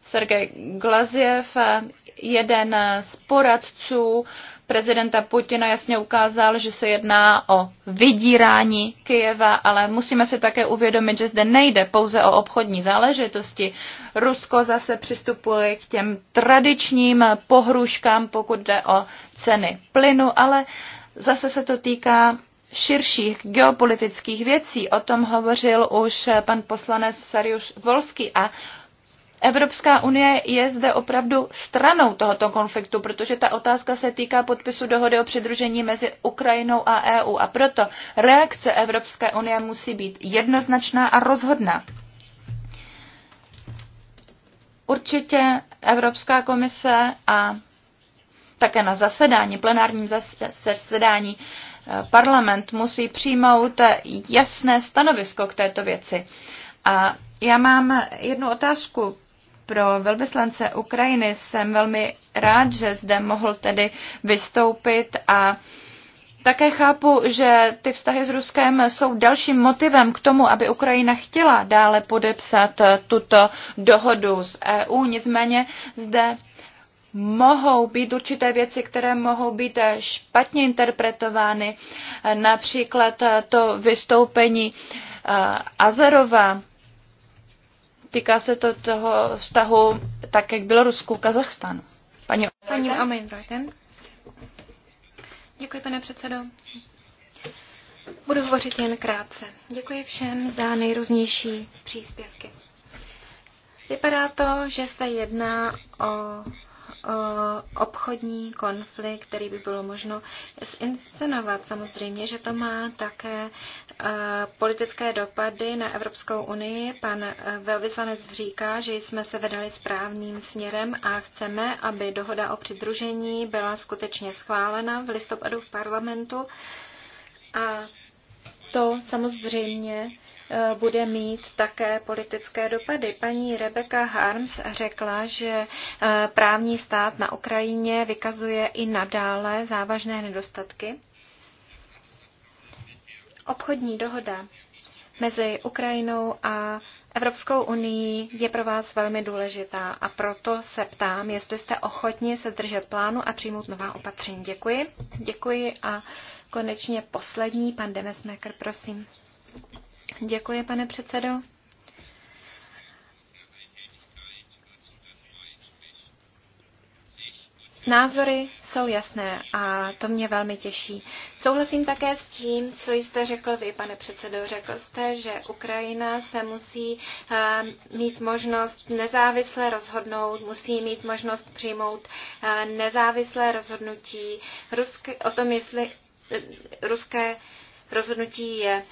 Sergej Glaziev, eh, jeden z poradců prezidenta Putina jasně ukázal, že se jedná o vydírání Kyjeva, ale musíme si také uvědomit, že zde nejde pouze o obchodní záležitosti. Rusko zase přistupuje k těm tradičním pohrůžkám, pokud jde o ceny plynu, ale zase se to týká širších geopolitických věcí. O tom hovořil už pan poslanec Sariuš Volský a Evropská unie je zde opravdu stranou tohoto konfliktu, protože ta otázka se týká podpisu dohody o přidružení mezi Ukrajinou a EU a proto reakce Evropské unie musí být jednoznačná a rozhodná. Určitě Evropská komise a také na zasedání, plenárním zasedání eh, parlament musí přijmout jasné stanovisko k této věci. A já mám jednu otázku pro velvyslance Ukrajiny jsem velmi rád, že zde mohl tedy vystoupit a také chápu, že ty vztahy s Ruskem jsou dalším motivem k tomu, aby Ukrajina chtěla dále podepsat tuto dohodu s EU. Nicméně zde mohou být určité věci, které mohou být špatně interpretovány. Například to vystoupení eh, Azerova Týká se to toho vztahu jak bylo Rusku Kazachstánu. Paní, Paní Amin Reuten. Děkuji, pane předsedo. Budu hovořit jen krátce. Děkuji všem za nejrůznější příspěvky. Vypadá to, že se jedná o Eh, obchodní konflikt, který by bylo možno zinscenovat. Samozřejmě, že to má také eh, politické dopady na Evropskou unii. Pan eh, velvyslanec říká, že jsme se vedali správným směrem a chceme, aby dohoda o přidružení byla skutečně schválena v listopadu v parlamentu. A to samozřejmě E, bude mít také politické dopady. Paní Rebecca Harms řekla, že e, právní stát na Ukrajině vykazuje i nadále závažné nedostatky. Obchodní dohoda mezi Ukrajinou a Evropskou unii je pro vás velmi důležitá a proto se ptám, jestli jste ochotni se držet plánu a přijmout nová opatření. Děkuji. Děkuji a konečně poslední, pan Demesmaker, prosím. Děkuji, pane předsedo. Názory jsou jasné a to mě velmi těší. Souhlasím také s tím, co jste řekl vy, pane předsedo. Řekl jste, že Ukrajina se musí eh, mít možnost nezávisle rozhodnout, musí mít možnost přijmout eh, nezávislé rozhodnutí. Ruské, o tom, jestli eh, ruské rozhodnutí je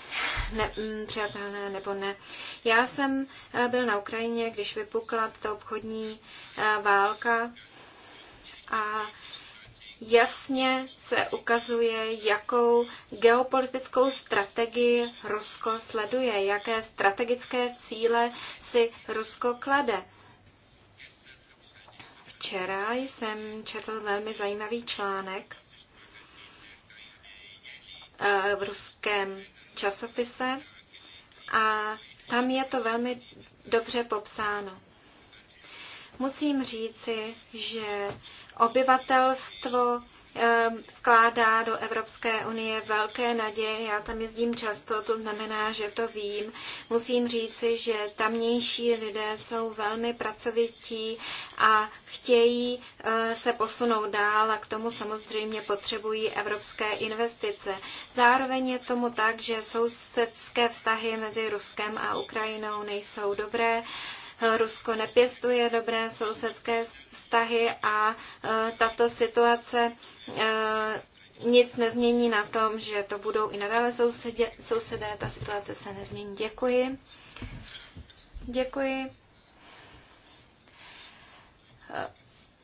ne, mm, přijatelné nebo ne. Já jsem eh, byl na Ukrajině, když vypukla ta obchodní eh, válka a jasně se ukazuje, jakou geopolitickou strategii Rusko sleduje, jaké strategické cíle si Rusko klade. Včera jsem četl velmi zajímavý článek Eh, v ruském časopise a tam je to velmi dobře popsáno. Musím říci, že obyvatelstvo Ehm, vkládá do Evropské unie velké naděje. Já tam jezdím často, to znamená, že to vím. Musím říci, že tamnější lidé jsou velmi pracovití a chtějí eh, se posunout dál a k tomu samozřejmě potřebují evropské investice. Zároveň je tomu tak, že sousedské vztahy mezi Ruskem a Ukrajinou nejsou dobré. Rusko nepěstuje dobré sousedské vztahy a e, tato situace e, nic nezmění na tom, že to budou i nadále sousedě, sousedé. Ta situace se nezmění. Děkuji. Děkuji. E,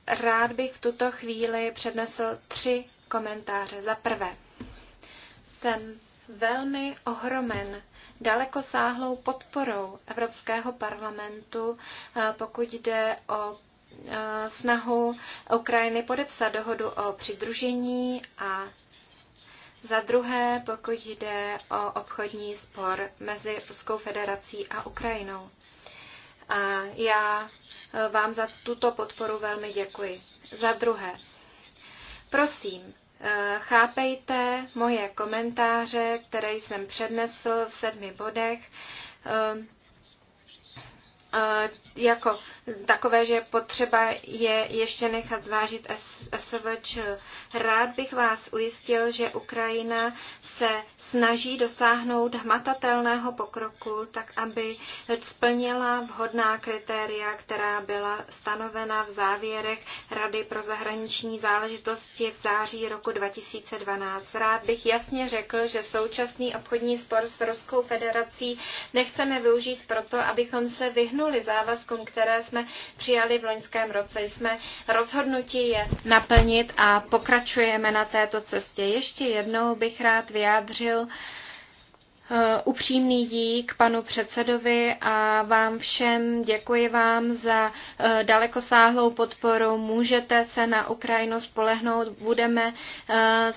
rád bych v tuto chvíli přednesl tři komentáře. Za prvé, jsem velmi ohromen daleko sáhlou podporou Evropského parlamentu, eh, pokud jde o eh, snahu Ukrajiny podepsat dohodu o přidružení a za druhé, pokud jde o obchodní spor mezi Ruskou federací a Ukrajinou. A já eh, vám za tuto podporu velmi děkuji. Za druhé, prosím, Eh, chápejte moje komentáře, které jsem přednesl v sedmi bodech. Eh, jako takové, že potřeba je ještě nechat zvážit SVČ. Rád bych vás ujistil, že Ukrajina se snaží dosáhnout hmatatelného pokroku, tak aby splnila vhodná kritéria, která byla stanovena v závěrech Rady pro zahraniční záležitosti v září roku 2012. Rád bych jasně řekl, že současný obchodní spor s Ruskou federací nechceme využít proto, abychom se vyhnuli nevyhnuli závazkům, které jsme přijali v loňském roce. Jsme rozhodnutí je naplnit a pokračujeme na této cestě. Ještě jednou bych rád vyjádřil eh, upřímný dík panu předsedovi a vám všem děkuji vám za eh, dalekosáhlou podporu. Můžete se na Ukrajinu spolehnout, budeme eh,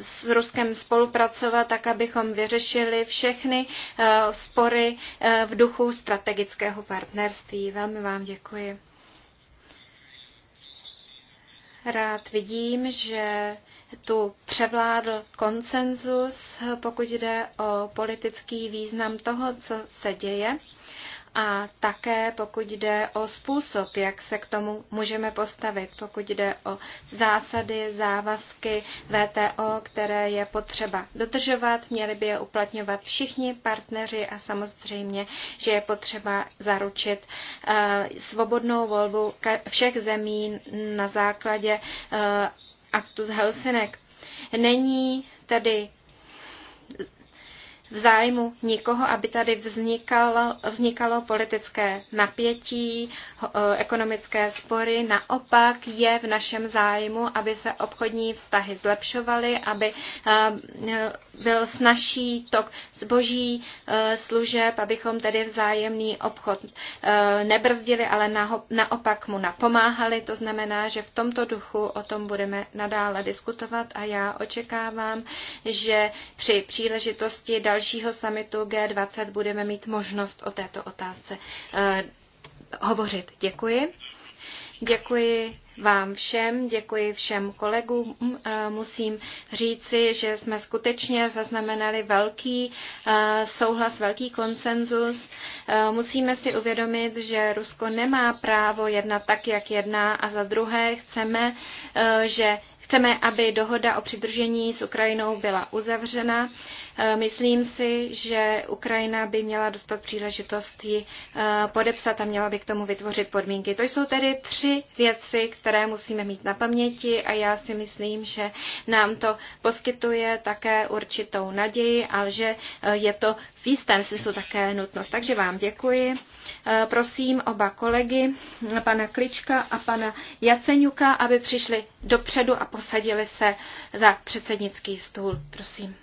s Ruskem spolupracovat tak, abychom vyřešili všechny eh, spory eh, v duchu strategického partnerství. Velmi vám děkuji. Rád vidím, že tu převládl konsenzus, pokud jde o politický význam toho, co se děje a také pokud jde o způsob, jak se k tomu můžeme postavit, pokud jde o zásady, závazky VTO, které je potřeba dodržovat, měli by je uplatňovat všichni partneři a samozřejmě, že je potřeba zaručit eh, svobodnou volbu všech zemí na základě eh, aktu z Helsinek. Není tedy v zájmu nikoho, aby tady vznikalo, vznikalo politické napětí, eh, ekonomické spory. Naopak je v našem zájmu, aby se obchodní vztahy zlepšovaly, aby eh, byl snažší tok zboží, eh, služeb, abychom tedy vzájemný obchod nebrzdili, ale naopak mu napomáhali. To znamená, že v tomto duchu o tom budeme nadále diskutovat a já očekávám, že při příležitosti další dalšího samitu G20 budeme mít možnost o této otázce eh, hovořit. Děkuji. Děkuji vám všem, děkuji všem kolegům. Eh, musím říci, že jsme skutečně zaznamenali velký eh, souhlas, velký konsenzus. Musíme si uvědomit, že Rusko nemá právo jednat tak, jak jedná a za druhé chceme, že Chceme, aby dohoda o přidružení s Ukrajinou byla uzavřena. Eh, myslím si, že Ukrajina by měla dostat příležitost ji eh, podepsat a měla by k tomu vytvořit podmínky. To jsou tedy tři věci, které musíme mít na paměti a já si myslím, že nám to poskytuje také určitou naději, ale že eh, je to v jistém smyslu také nutnost. Takže vám děkuji. Prosím oba kolegy, pana Klička a pana Jaceňuka, aby přišli dopředu a poslali usadili se za předsednický stůl. Prosím.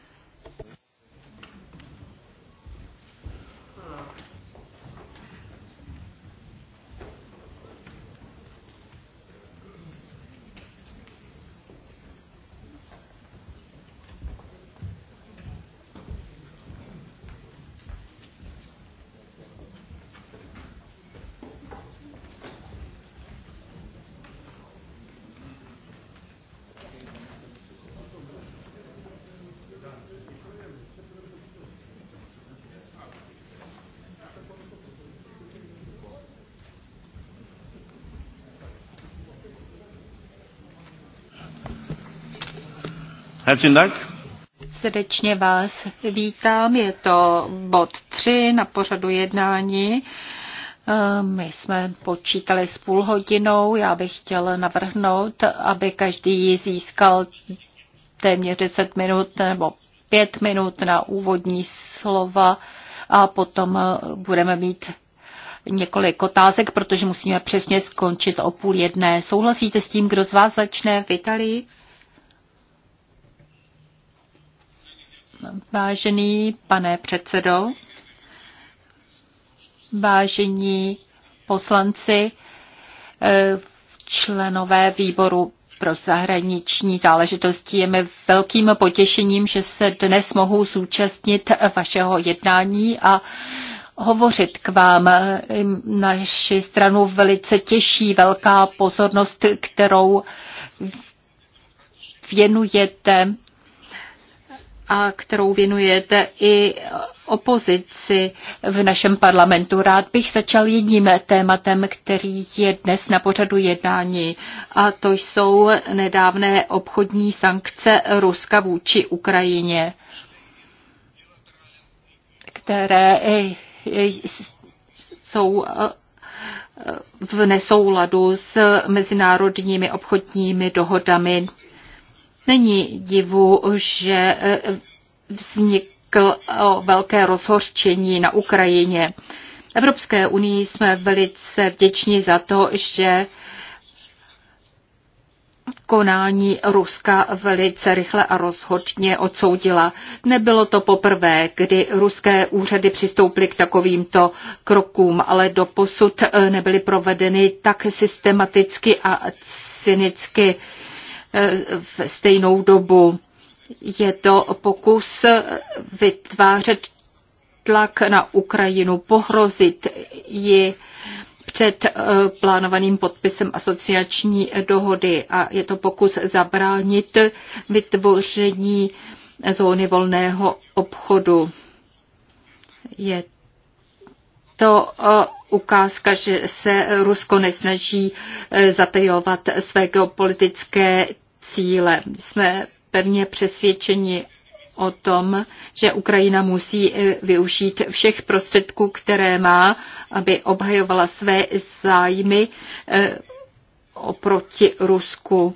Herzlichen Dank. Srdečně vás vítám. Je to bod 3 na pořadu jednání. Eh, my jsme počítali s půl hodinou. Já bych chtěl navrhnout, aby každý získal téměř 10 minut nebo 5 minut na úvodní slova a potom eh, budeme mít několik otázek, protože musíme přesně skončit o půl jedné. Souhlasíte s tím, kdo z vás začne v Italii? Vážený pane předsedo, vážení poslanci, eh, členové výboru pro zahraniční záležitosti. Je mi velkým potěšením, že se dnes mohu zúčastnit vašeho jednání a hovořit k vám. Naši stranu velice těší velká pozornost, kterou věnujete a kterou věnujete i opozici v našem parlamentu. Rád bych začal jedním tématem, který je dnes na pořadu jednání, a to jsou nedávné obchodní sankce Ruska vůči Ukrajině, které jsou v nesouladu s mezinárodními obchodními dohodami Není divu, že e, vzniklo velké rozhorčení na Ukrajině. Evropské unii jsme velice vděční za to, že konání Ruska velice rychle a rozhodně odsoudila. Nebylo to poprvé, kdy ruské úřady přistoupily k takovýmto krokům, ale doposud e, nebyly provedeny tak systematicky a cynicky. Eh, v stejnou dobu. Je to pokus vytvářet tlak na Ukrajinu, pohrozit ji před eh, plánovaným podpisem asociační dohody a je to pokus zabránit vytvoření zóny volného obchodu. Je to eh, ukázka, že se Rusko nesnaží eh, zatajovat své geopolitické cíle. Jsme pevně přesvědčeni o tom, že Ukrajina musí eh, využít všech prostředků, které má, aby obhajovala své zájmy eh, oproti Rusku.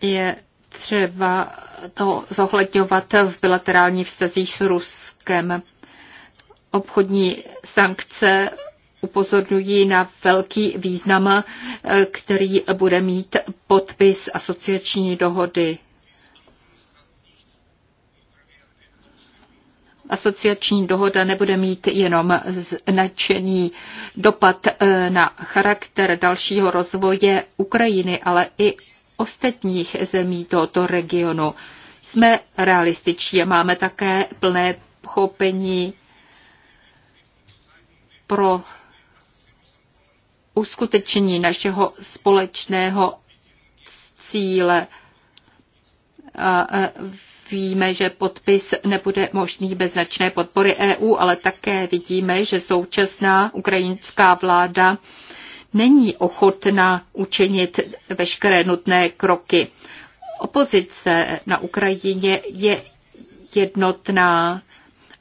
Je třeba to zohledňovat v bilaterálních vztazích s Ruskem obchodní sankce upozorňují na velký význam, eh, který bude mít podpis asociační dohody. Asociační dohoda nebude mít jenom značený dopad eh, na charakter dalšího rozvoje Ukrajiny, ale i ostatních zemí tohoto regionu. Jsme realističtí a máme také plné pochopení pro uskutečení našeho společného cíle. A e, víme, že podpis nebude možný bez značné podpory EU, ale také vidíme, že současná ukrajinská vláda není ochotná učinit veškeré nutné kroky. Opozice na Ukrajině je jednotná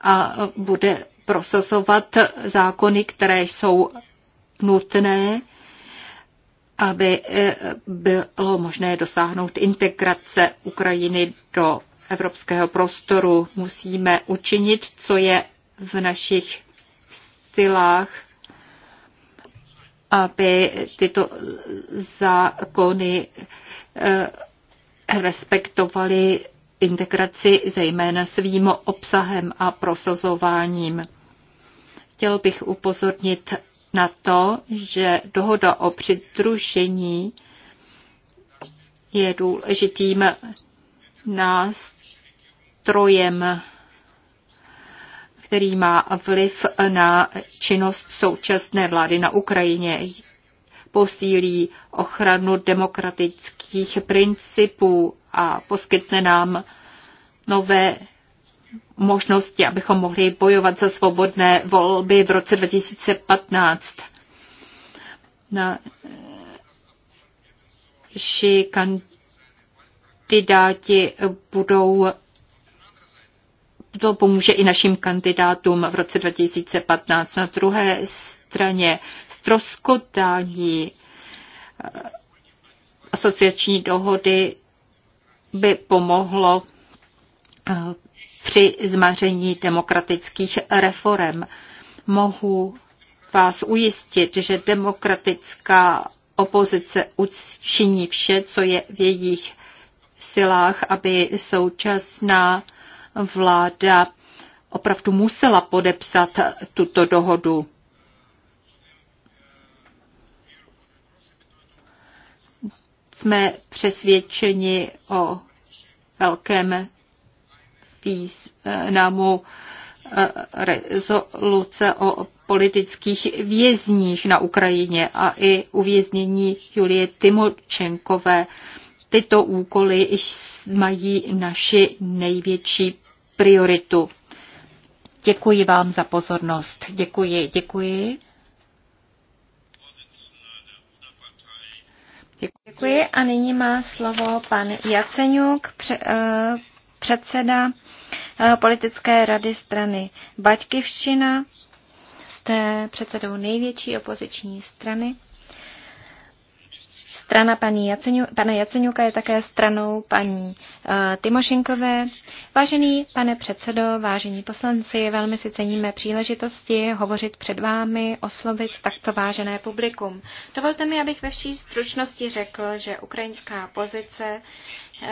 a bude prosazovat zákony, které jsou nutné, aby eh, bylo možné dosáhnout integrace Ukrajiny do evropského prostoru. Musíme učinit, co je v našich silách, aby tyto zákony eh, respektovali integraci zejména svým obsahem a prosazováním. Chtěl bych upozornit na to, že dohoda o přidružení je důležitým nástrojem, který má vliv na činnost současné vlády na Ukrajině. Posílí ochranu demokratických principů a poskytne nám nové možnosti, abychom mohli bojovat za svobodné volby v roce 2015. Naši eh, kandidáti budou to pomůže i našim kandidátům v roce 2015. Na druhé straně stroskotání eh, asociační dohody by pomohlo eh, při zmaření demokratických reform. Mohu vás ujistit, že demokratická opozice učiní vše, co je v jejich silách, aby současná vláda opravdu musela podepsat tuto dohodu. jsme přesvědčeni o velkém významu eh, eh, rezoluce o politických vězních na Ukrajině a i uvěznění Julie Timočenkové. Tyto úkoly mají naši největší prioritu. Děkuji vám za pozornost. Děkuji, děkuji. Děkuji a nyní má slovo pan Jaceňuk, eh, předseda eh, politické rady strany Baťkyvština. Jste předsedou největší opoziční strany Strana paní Jaceňu, pana Jaceňuka je také stranou paní uh, eh, Timošinkové. Vážený pane předsedo, vážení poslanci, velmi si ceníme příležitosti hovořit před vámi, oslovit takto vážené publikum. Dovolte mi, abych ve vší stručnosti řekl, že ukrajinská pozice uh,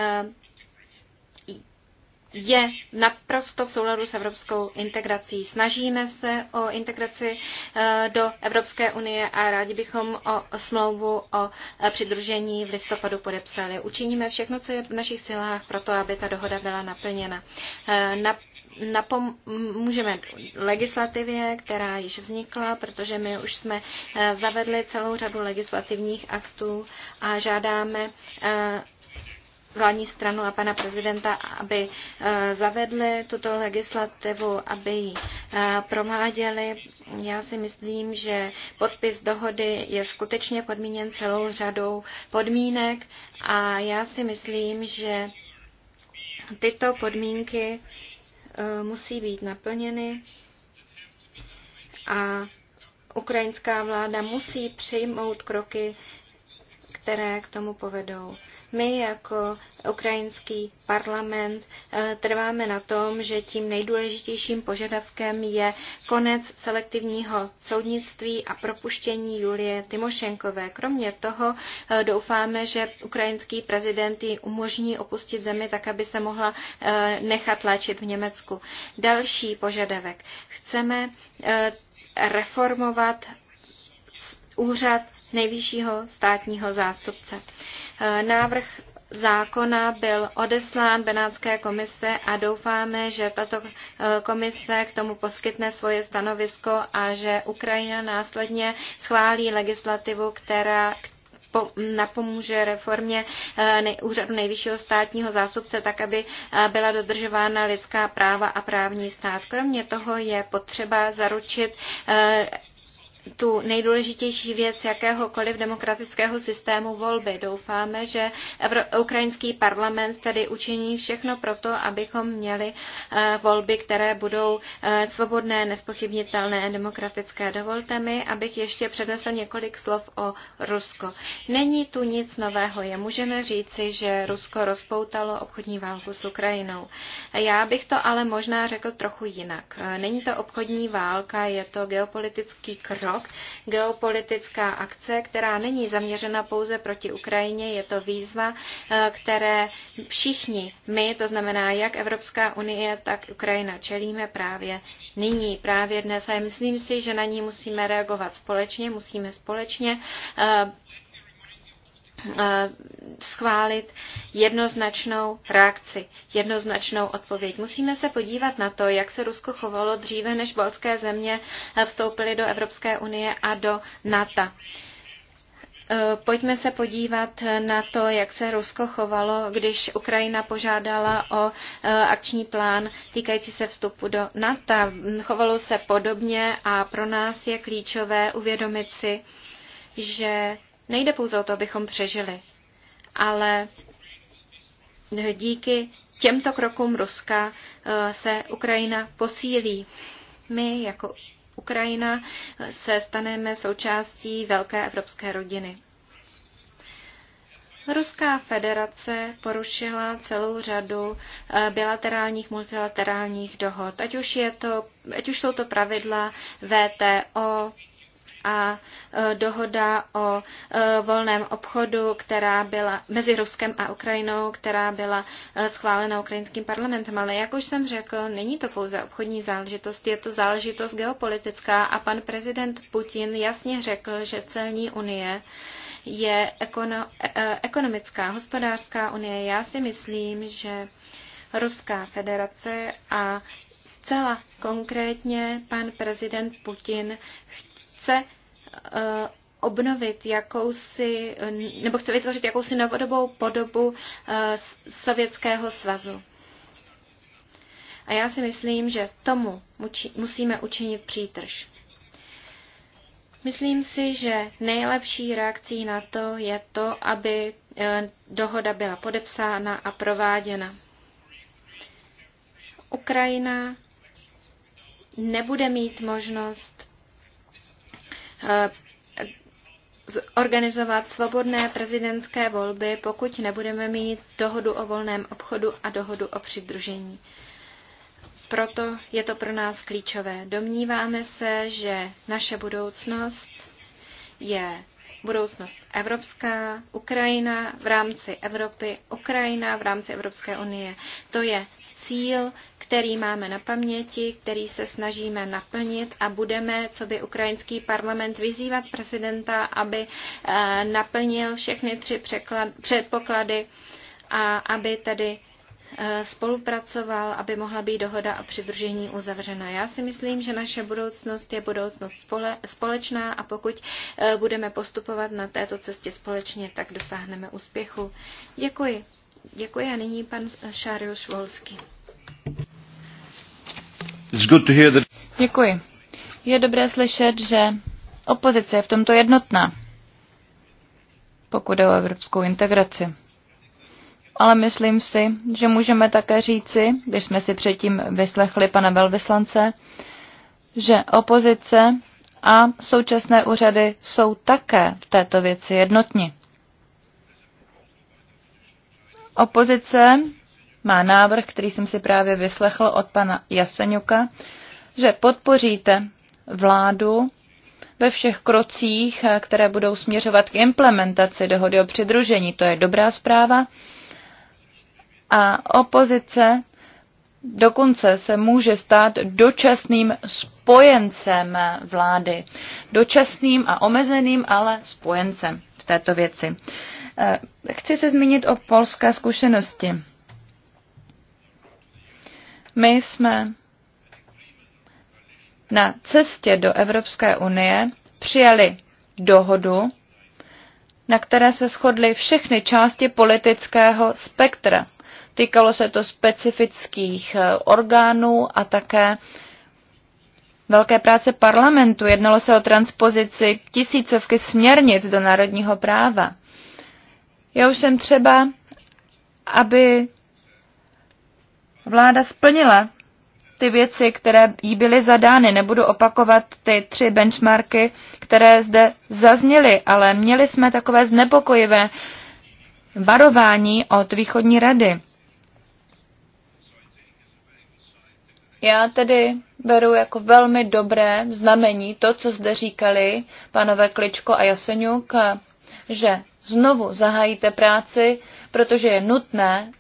je naprosto v souladu s evropskou integrací. Snažíme se o integraci eh, do Evropské unie a rádi bychom o smlouvu o eh, přidružení v listopadu podepsali. Učiníme všechno, co je v našich silách pro to, aby ta dohoda byla naplněna. Eh, na napom- můžeme legislativě, která již vznikla, protože my už jsme zavedli celou řadu legislativních aktů a žádáme vládní stranu a pana prezidenta, aby eh, zavedli tuto legislativu, aby ji eh, prováděli. Já si myslím, že podpis dohody je skutečně podmíněn celou řadou podmínek a já si myslím, že tyto podmínky eh, musí být naplněny a ukrajinská vláda musí přijmout kroky, které k tomu povedou. My jako ukrajinský parlament eh, trváme na tom, že tím nejdůležitějším požadavkem je konec selektivního soudnictví a propuštění Julie Tymošenkové. Kromě toho eh, doufáme, že ukrajinský prezident ji umožní opustit zemi tak, aby se mohla eh, nechat tlačit v Německu. Další požadavek. Chceme reformovat úřad nejvyššího státního zástupce. Eh, návrh zákona byl odeslán Benátské komise a doufáme, že tato eh, komise k tomu poskytne svoje stanovisko a že Ukrajina následně schválí legislativu, která napomůže reformě eh, úřadu nejvyššího státního zástupce tak, aby byla dodržována lidská práva a právní stát. Kromě toho je potřeba zaručit tu nejdůležitější věc jakéhokoliv demokratického systému volby. Doufáme, že Evro- ukrajinský parlament tedy učiní všechno proto, abychom měli eh, volby, které budou eh, svobodné, nespochybnitelné, demokratické. Dovolte mi, abych ještě přednesl několik slov o Rusko. Není tu nic nového. Je můžeme říci, že Rusko rozpoutalo obchodní válku s Ukrajinou. Já bych to ale možná řekl trochu jinak. Eh, není to obchodní válka, je to geopolitický krok krok, geopolitická akce, která není zaměřena pouze proti Ukrajině, je to výzva, eh, které všichni my, to znamená jak Evropská unie, tak Ukrajina čelíme právě nyní, právě dnes. A myslím si, že na ní musíme reagovat společně, musíme společně eh, Eh, schválit jednoznačnou reakci, jednoznačnou odpověď. Musíme se podívat na to, jak se Rusko chovalo dříve, než baltské země eh, vstoupily do Evropské unie a do NATO. Eh, pojďme se podívat na to, jak se Rusko chovalo, když Ukrajina požádala o akční plán týkající se vstupu do NATO. Chovalo se podobně a pro nás je klíčové uvědomit si, že Nejde pouze o to, abychom přežili, ale díky těmto krokům Ruska eh, se Ukrajina posílí. My jako Ukrajina eh, se staneme součástí velké evropské rodiny. Ruská federace porušila celou řadu eh, bilaterálních, multilaterálních dohod, ať už, je to, ať už jsou to pravidla VTO, a e, dohoda o e, volném obchodu, která byla mezi Ruskem a Ukrajinou, která byla e, schválena ukrajinským parlamentem. Ale jak už jsem řekl, není to pouze obchodní záležitost, je to záležitost geopolitická a pan prezident Putin jasně řekl, že celní unie je ekono, ekonomická, hospodářská unie. Já si myslím, že Ruská federace a zcela konkrétně pan prezident Putin chtěl chce eh, obnovit jakousi, nebo chce vytvořit jakousi novodobou podobu eh, Sovětského svazu. A já si myslím, že tomu musíme učinit přítrž. Myslím si, že nejlepší reakcí na to je to, aby eh, dohoda byla podepsána a prováděna. Ukrajina nebude mít možnost Eh, organizovat svobodné prezidentské volby, pokud nebudeme mít dohodu o volném obchodu a dohodu o přidružení. Proto je to pro nás klíčové. Domníváme se, že naše budoucnost je budoucnost evropská, Ukrajina v rámci Evropy, Ukrajina v rámci Evropské unie. To je cíl, který máme na paměti, který se snažíme naplnit a budeme, co by ukrajinský parlament, vyzývat prezidenta, aby eh, naplnil všechny tři předpoklady a aby tedy eh, spolupracoval, aby mohla být dohoda o přidružení uzavřena. Já si myslím, že naše budoucnost je budoucnost spole, společná a pokud eh, budeme postupovat na této cestě společně, tak dosáhneme úspěchu. Děkuji. Děkuji a nyní pan Šárius Volsky. Děkuji. Je dobré slyšet, že opozice je v tomto jednotná, pokud je o evropskou integraci. Ale myslím si, že můžeme také říci, když jsme si předtím vyslechli pana velvyslance, že opozice a současné úřady jsou také v této věci jednotní. Opozice má návrh, který jsem si právě vyslechl od pana Jaseňuka, že podpoříte vládu ve všech krocích, které budou směřovat k implementaci dohody o přidružení. To je dobrá zpráva. A opozice dokonce se může stát dočasným spojencem vlády. Dočasným a omezeným, ale spojencem v této věci. Eh, chci se zmínit o polské zkušenosti. My jsme na cestě do Evropské unie přijali dohodu, na které se shodly všechny části politického spektra. Týkalo se to specifických eh, orgánů a také velké práce parlamentu. Jednalo se o transpozici tisícovky směrnic do národního práva. Já už jsem třeba, aby vláda splnila ty věci, které jí byly zadány. Nebudu opakovat ty tři benchmarky, které zde zazněly, ale měli jsme takové znepokojivé varování od východní rady. Já tedy beru jako velmi dobré znamení to, co zde říkali panové Kličko a Jaseňuk, že znovu zahájíte práci, protože je nutné,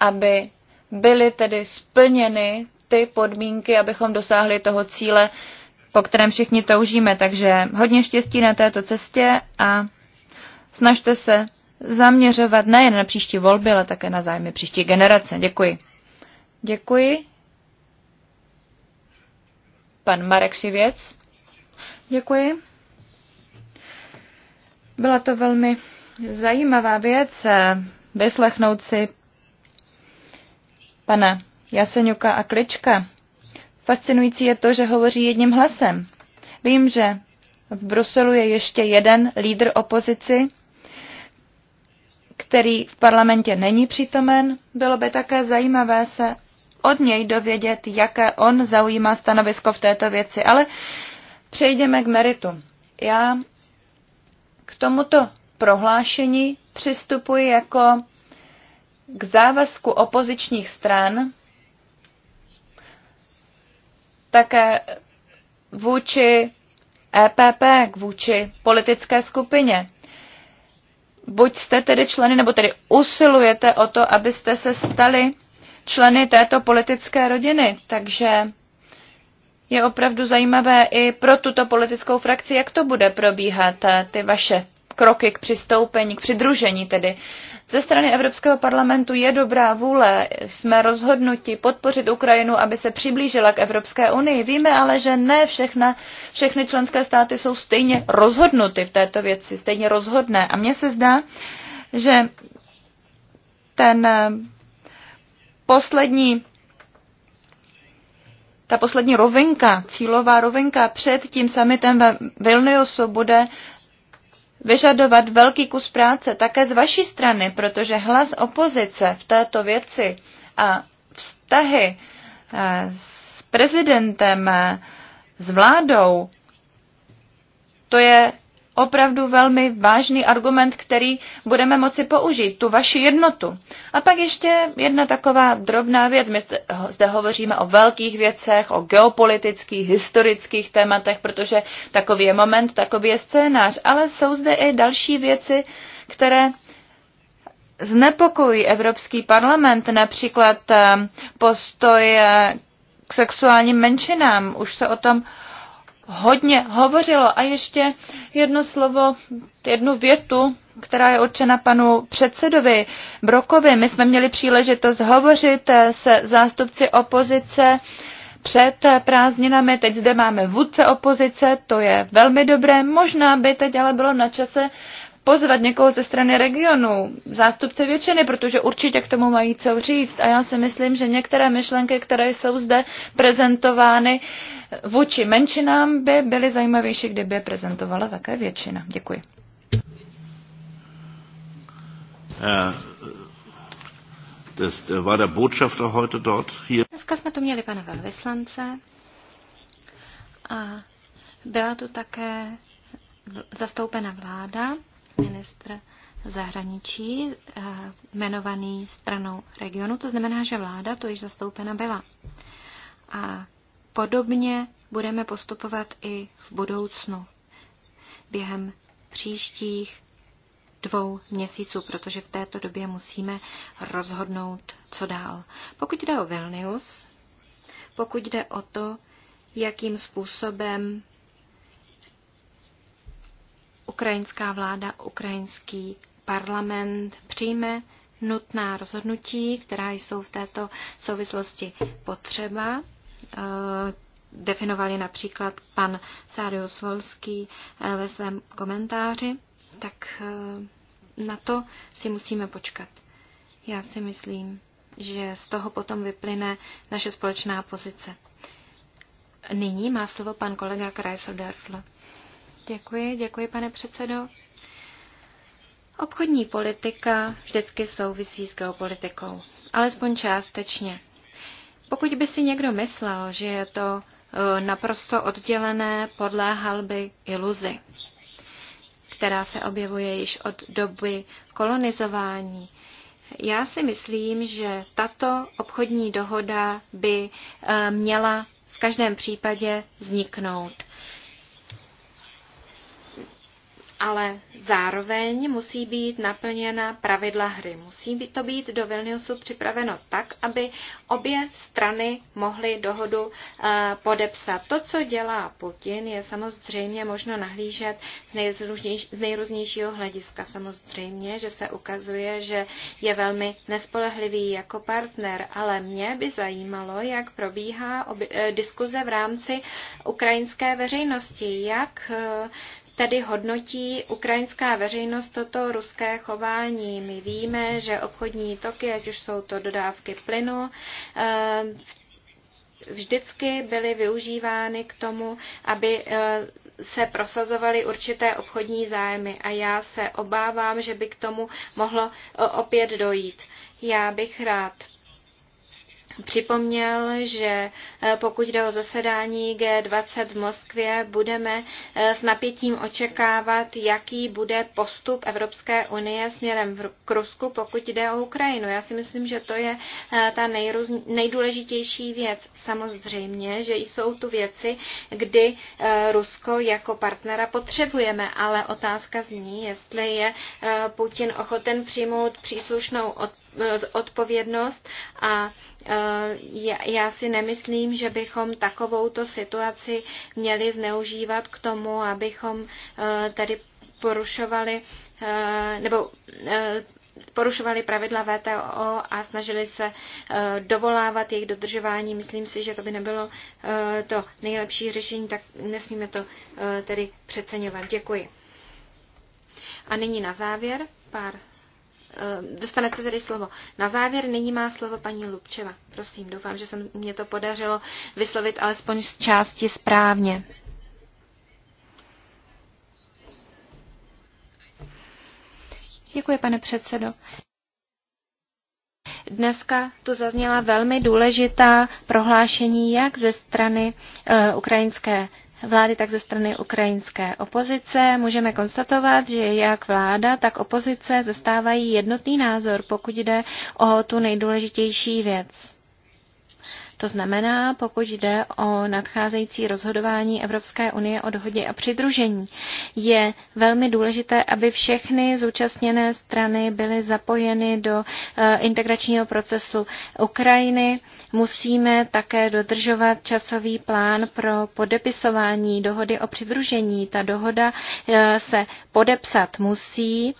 aby byly tedy splněny ty podmínky, abychom dosáhli toho cíle, po kterém všichni toužíme. Takže hodně štěstí na této cestě a snažte se zaměřovat nejen na příští volby, ale také na zájmy příští generace. Děkuji. Děkuji. Pan Marek Šivěc. Děkuji. Byla to velmi zajímavá věc eh, vyslechnout si pana Jaseňuka a Klička. Fascinující je to, že hovoří jedním hlasem. Vím, že v Bruselu je ještě jeden lídr opozici, který v parlamentě není přítomen. Bylo by také zajímavé se od něj dovědět, jaké on zaujímá stanovisko v této věci. Ale přejdeme k meritu. Já k tomuto prohlášení přistupuji jako k závazku opozičních stran, také vůči EPP, vůči politické skupině. Buď jste tedy členy, nebo tedy usilujete o to, abyste se stali členy této politické rodiny. Takže je opravdu zajímavé i pro tuto politickou frakci, jak to bude probíhat, eh, ty vaše kroky k přistoupení, k přidružení tedy. Ze strany Evropského parlamentu je dobrá vůle, jsme rozhodnuti podpořit Ukrajinu, aby se přiblížila k Evropské unii. Víme ale, že ne všechna, všechny členské státy jsou stejně rozhodnuty v této věci, stejně rozhodné. A mně se zdá, že ten eh, poslední ta poslední rovinka, cílová rovinka před tím summitem ve Vilniusu bude vyžadovat velký kus práce také z vaší strany, protože hlas opozice v této věci a vztahy eh, s prezidentem, eh, s vládou, to je opravdu velmi vážný argument, který budeme moci použít, tu vaši jednotu. A pak ještě jedna taková drobná věc. My zde hovoříme o velkých věcech, o geopolitických, historických tématech, protože takový je moment, takový je scénář. Ale jsou zde i další věci, které znepokojí Evropský parlament, například eh, postoj eh, k sexuálním menšinám. Už se o tom hodně hovořilo. A ještě jedno slovo, jednu větu, která je určena panu předsedovi Brokovi. My jsme měli příležitost hovořit se zástupci opozice před prázdninami. Teď zde máme vůdce opozice, to je velmi dobré. Možná by teď ale bylo na čase, pozvat někoho ze strany regionu, zástupce většiny, protože určitě k tomu mají co říct. A já si myslím, že některé myšlenky, které jsou zde prezentovány vůči menšinám, by byly zajímavější, kdyby je prezentovala také většina. Děkuji. Äh, äh, Dneska jsme tu měli pana velvyslance a byla tu také zastoupena vláda ministr zahraničí eh, jmenovaný stranou regionu. To znamená, že vláda to již zastoupena byla. A podobně budeme postupovat i v budoucnu během příštích dvou měsíců, protože v této době musíme rozhodnout, co dál. Pokud jde o Vilnius, pokud jde o to, jakým způsobem ukrajinská vláda, ukrajinský parlament přijme nutná rozhodnutí, která jsou v této souvislosti potřeba. E, definovali například pan Sárius Volský e, ve svém komentáři, tak e, na to si musíme počkat. Já si myslím, že z toho potom vyplyne naše společná pozice. Nyní má slovo pan kolega Kreisel Dörfler. Děkuji, děkuji, pane předsedo. Obchodní politika vždycky souvisí s geopolitikou, alespoň částečně. Pokud by si někdo myslel, že je to e, naprosto oddělené, podléhal by iluzi, která se objevuje již od doby kolonizování. Já si myslím, že tato obchodní dohoda by e, měla v každém případě vzniknout. ale zároveň musí být naplněna pravidla hry. Musí to být do Vilniusu připraveno tak, aby obě strany mohly dohodu eh, podepsat. To, co dělá Putin, je samozřejmě možno nahlížet z nejrůznějšího hlediska. Samozřejmě, že se ukazuje, že je velmi nespolehlivý jako partner, ale mě by zajímalo, jak probíhá eh, diskuze v rámci ukrajinské veřejnosti, jak eh, Tady hodnotí ukrajinská veřejnost toto ruské chování. My víme, že obchodní toky, ať už jsou to dodávky plynu, eh, vždycky byly využívány k tomu, aby eh, se prosazovaly určité obchodní zájmy a já se obávám, že by k tomu mohlo opět dojít. Já bych rád připomněl, že eh, pokud jde o zasedání G20 v Moskvě, budeme eh, s napětím očekávat, jaký bude postup Evropské unie směrem k Rusku, pokud jde o Ukrajinu. Já si myslím, že to je eh, ta nejrůz, nejdůležitější věc. Samozřejmě, že jsou tu věci, kdy Rusko jako partnera potřebujeme, ale otázka zní, jestli je Putin ochoten přijmout příslušnou odpověď odpovědnost a e, já si nemyslím, že bychom takovouto situaci měli zneužívat k tomu, abychom e, tady porušovali e, nebo porušovali pravidla VTO a snažili se dovolávat jejich dodržování. Myslím si, že to by nebylo to nejlepší řešení, tak nesmíme to tedy přeceňovat. Děkuji. A nyní na závěr pár Eh, dostanete tedy slovo. Na závěr nyní má slovo paní Lubčeva. Prosím, doufám, že se mě to podařilo vyslovit alespoň z části správně. Děkuji, pane předsedo. Dneska tu zazněla velmi důležitá prohlášení jak ze strany uh, ukrajinské vlády, tak ze strany ukrajinské opozice. Můžeme konstatovat, že jak vláda, tak opozice zastávají jednotný názor, pokud jde o tu nejdůležitější věc. To znamená, pokud jde o nadcházející rozhodování Evropské unie o dohodě a přidružení, je velmi důležité, aby všechny zúčastněné strany byly zapojeny do eh, integračního procesu Ukrajiny. Musíme také dodržovat časový plán pro podepisování dohody o přidružení. Ta dohoda eh, se podepsat musí.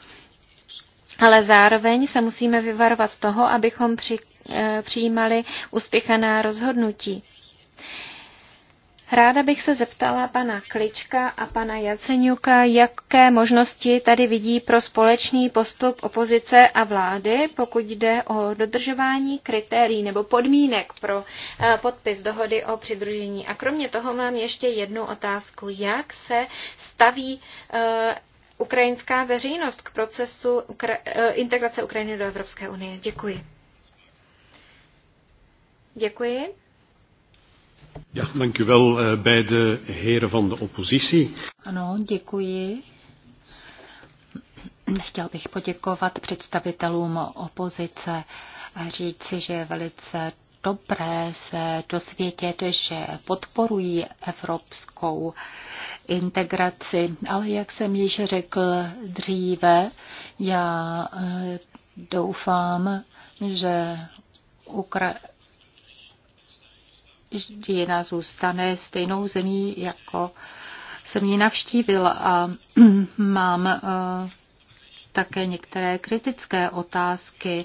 Ale zároveň se musíme vyvarovat toho, abychom při Eh, přijímali uspěchaná rozhodnutí. Ráda bych se zeptala pana Klička a pana Jaceňuka, jaké možnosti tady vidí pro společný postup opozice a vlády, pokud jde o dodržování kritérií nebo podmínek pro eh, podpis dohody o přidružení. A kromě toho mám ještě jednu otázku. Jak se staví eh, ukrajinská veřejnost k procesu integrace Ukrajiny do Evropské unie? Děkuji. Děkuji. Ja, dank u wel eh, beide heren van de oppositie. Ano, děkuji. Chtěl bych poděkovat představitelům opozice a říci, že je velice dobré se dosvědět, že podporují evropskou integraci. Ale jak jsem již řekl dříve, já eh, doufám, že Ukrajina Žína zůstane stejnou zemí, jako jsem ji navštívil a (clears throat) mám eh, také některé kritické otázky.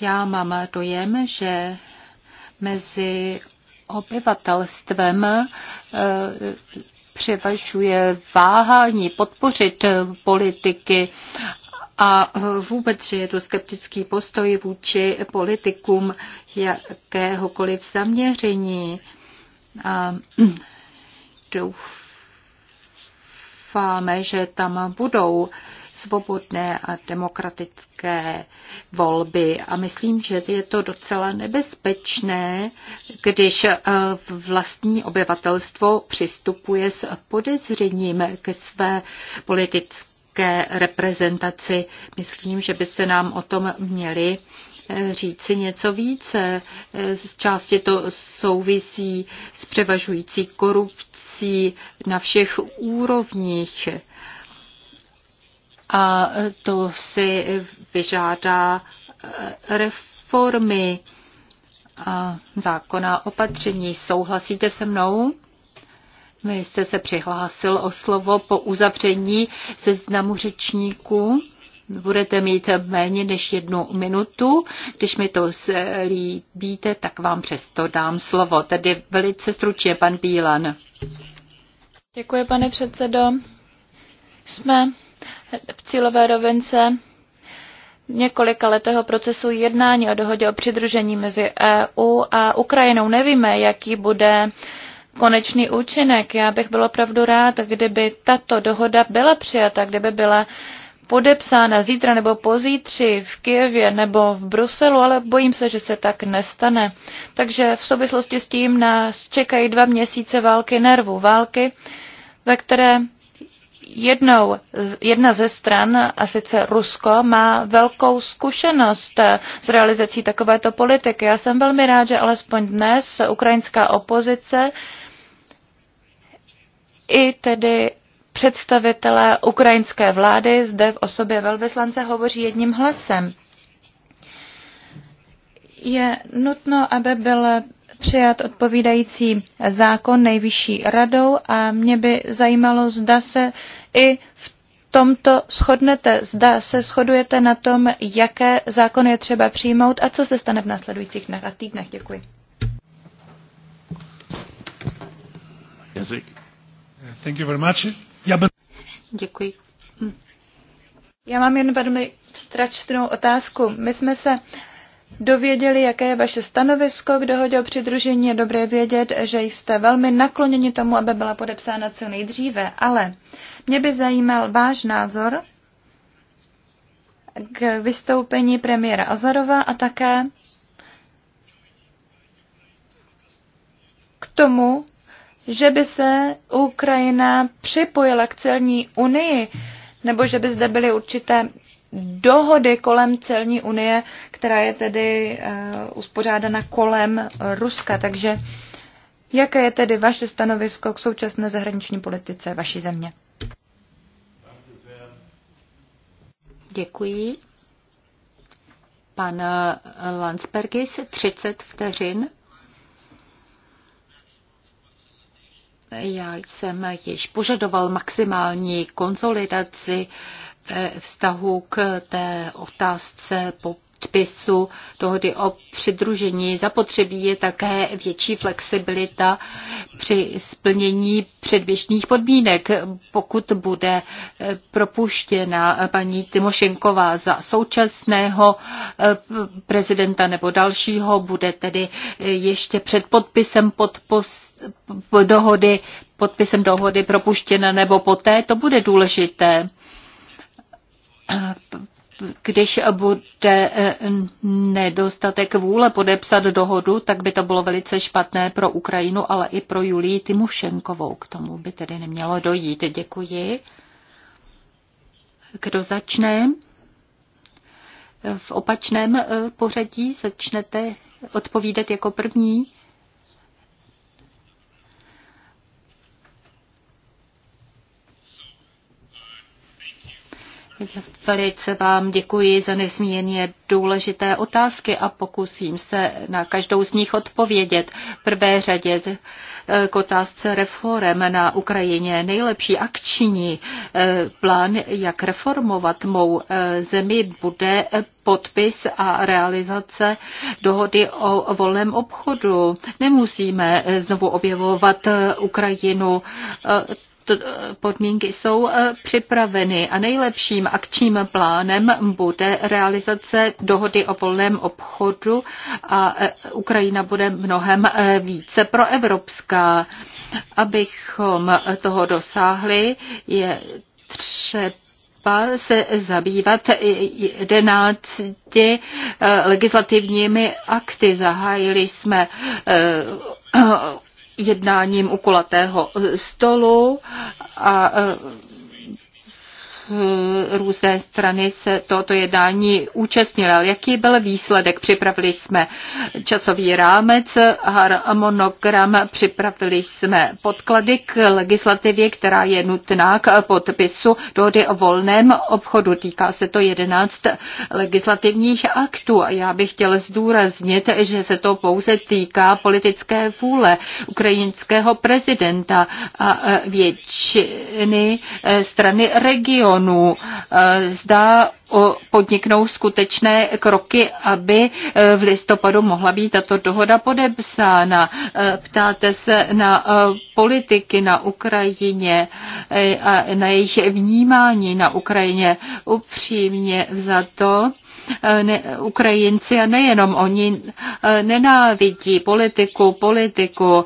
Já mám dojem, že mezi obyvatelstvem eh, převažuje váhání podpořit politiky a eh, vůbec, že je to skeptický postoj vůči politikům jakéhokoliv zaměření. A eh, doufáme, že tam budou svobodné a demokratické volby. A myslím, že je to docela nebezpečné, když eh, vlastní obyvatelstvo přistupuje s podezřením ke své politické také reprezentaci. Myslím, že by se nám o tom měli eh, říci něco více. Eh, z části to souvisí s převažující korupcí na všech úrovních. A to si vyžádá eh, reformy a zákona opatření. Souhlasíte se mnou? Vy jste se přihlásil o slovo po uzavření seznamu řečníků. Budete mít méně než jednu minutu. Když mi to líbíte, tak vám přesto dám slovo. Tedy velice stručně, pan Bílan. Děkuji, pane předsedo. Jsme v cílové rovince několika letého procesu jednání o dohodě o přidružení mezi EU a Ukrajinou. Nevíme, jaký bude konečný účinek. Já bych byl opravdu rád, kdyby tato dohoda byla přijata, kdyby byla podepsána zítra nebo pozítří v Kijevě nebo v Bruselu, ale bojím se, že se tak nestane. Takže v souvislosti s tím nás čekají dva měsíce války nervů, války, ve které jednou, jedna ze stran, a sice Rusko, má velkou zkušenost s realizací takovéto politiky. Já jsem velmi rád, že alespoň dnes ukrajinská opozice i tedy představitelé ukrajinské vlády zde v osobě velvyslance hovoří jedním hlasem. Je nutno, aby byl přijat odpovídající zákon nejvyšší radou a mě by zajímalo, zda se i v tomto shodnete, zda se shodujete na tom, jaké zákony je třeba přijmout a co se stane v následujících dnech a týdnech. Děkuji. Jazyk. Thank you very much. Děkuji. Já mám jen velmi stračnou otázku. My jsme se dověděli, jaké je vaše stanovisko k dohodě o přidružení. Je dobré vědět, že jste velmi nakloněni tomu, aby byla podepsána co nejdříve, ale mě by zajímal váš názor k vystoupení premiéra Azarova a také k tomu, že by se Ukrajina připojila k celní unii, nebo že by zde byly určité dohody kolem celní unie, která je tedy uh, uspořádána kolem Ruska. Takže jaké je tedy vaše stanovisko k současné zahraniční politice vaší země? Děkuji. Pan Landsbergis, 30 vteřin. Já jsem již požadoval maximální konsolidaci vztahu k té otázce po podpisu dohody o přidružení. Zapotřebí je také větší flexibilita při splnění předběžných podmínek, pokud bude eh, propuštěna paní Timošenková za současného eh, prezidenta nebo dalšího, bude tedy eh, ještě před podpisem podpos, dohody, podpisem dohody propuštěna nebo poté, to bude důležité když bude eh, nedostatek vůle podepsat dohodu, tak by to bylo velice špatné pro Ukrajinu, ale i pro Julii Timošenkovou. K tomu by tedy nemělo dojít. Děkuji. Kdo začne? V opačném eh, pořadí začnete odpovídat jako první. Velice vám děkuji za nezmírně důležité otázky a pokusím se na každou z nich odpovědět. V prvé řadě k otázce reform na Ukrajině. Nejlepší akční eh, plán, jak reformovat mou eh, zemi, bude eh, podpis a realizace dohody o volném obchodu. Nemusíme znovu objevovat Ukrajinu podmínky jsou e, připraveny a nejlepším akčním plánem bude realizace dohody o volném obchodu a e, Ukrajina bude mnohem e, více proevropská. Abychom toho dosáhli, je třeba třeba se zabývat jedenácti legislativními akty. Zahájili jsme jednáním u kulatého stolu a Eh, různé strany se tohoto jednání účastnily. jaký byl výsledek? Připravili jsme časový rámec, harmonogram, připravili jsme podklady k legislativě, která je nutná k podpisu dohody o volném obchodu. Týká se to 11 legislativních aktů a já bych chtěl zdůraznit, že se to pouze týká politické vůle ukrajinského prezidenta a eh, většiny eh, strany regionu regionů. Eh, Zda podniknou skutečné kroky, aby eh, v listopadu mohla být tato dohoda podepsána. Eh, ptáte se na politiky na Ukrajině a na jejich vnímání na Ukrajině upřímně za to. Ne, Ukrajinci a nejenom oni nenávidí politiku, politiku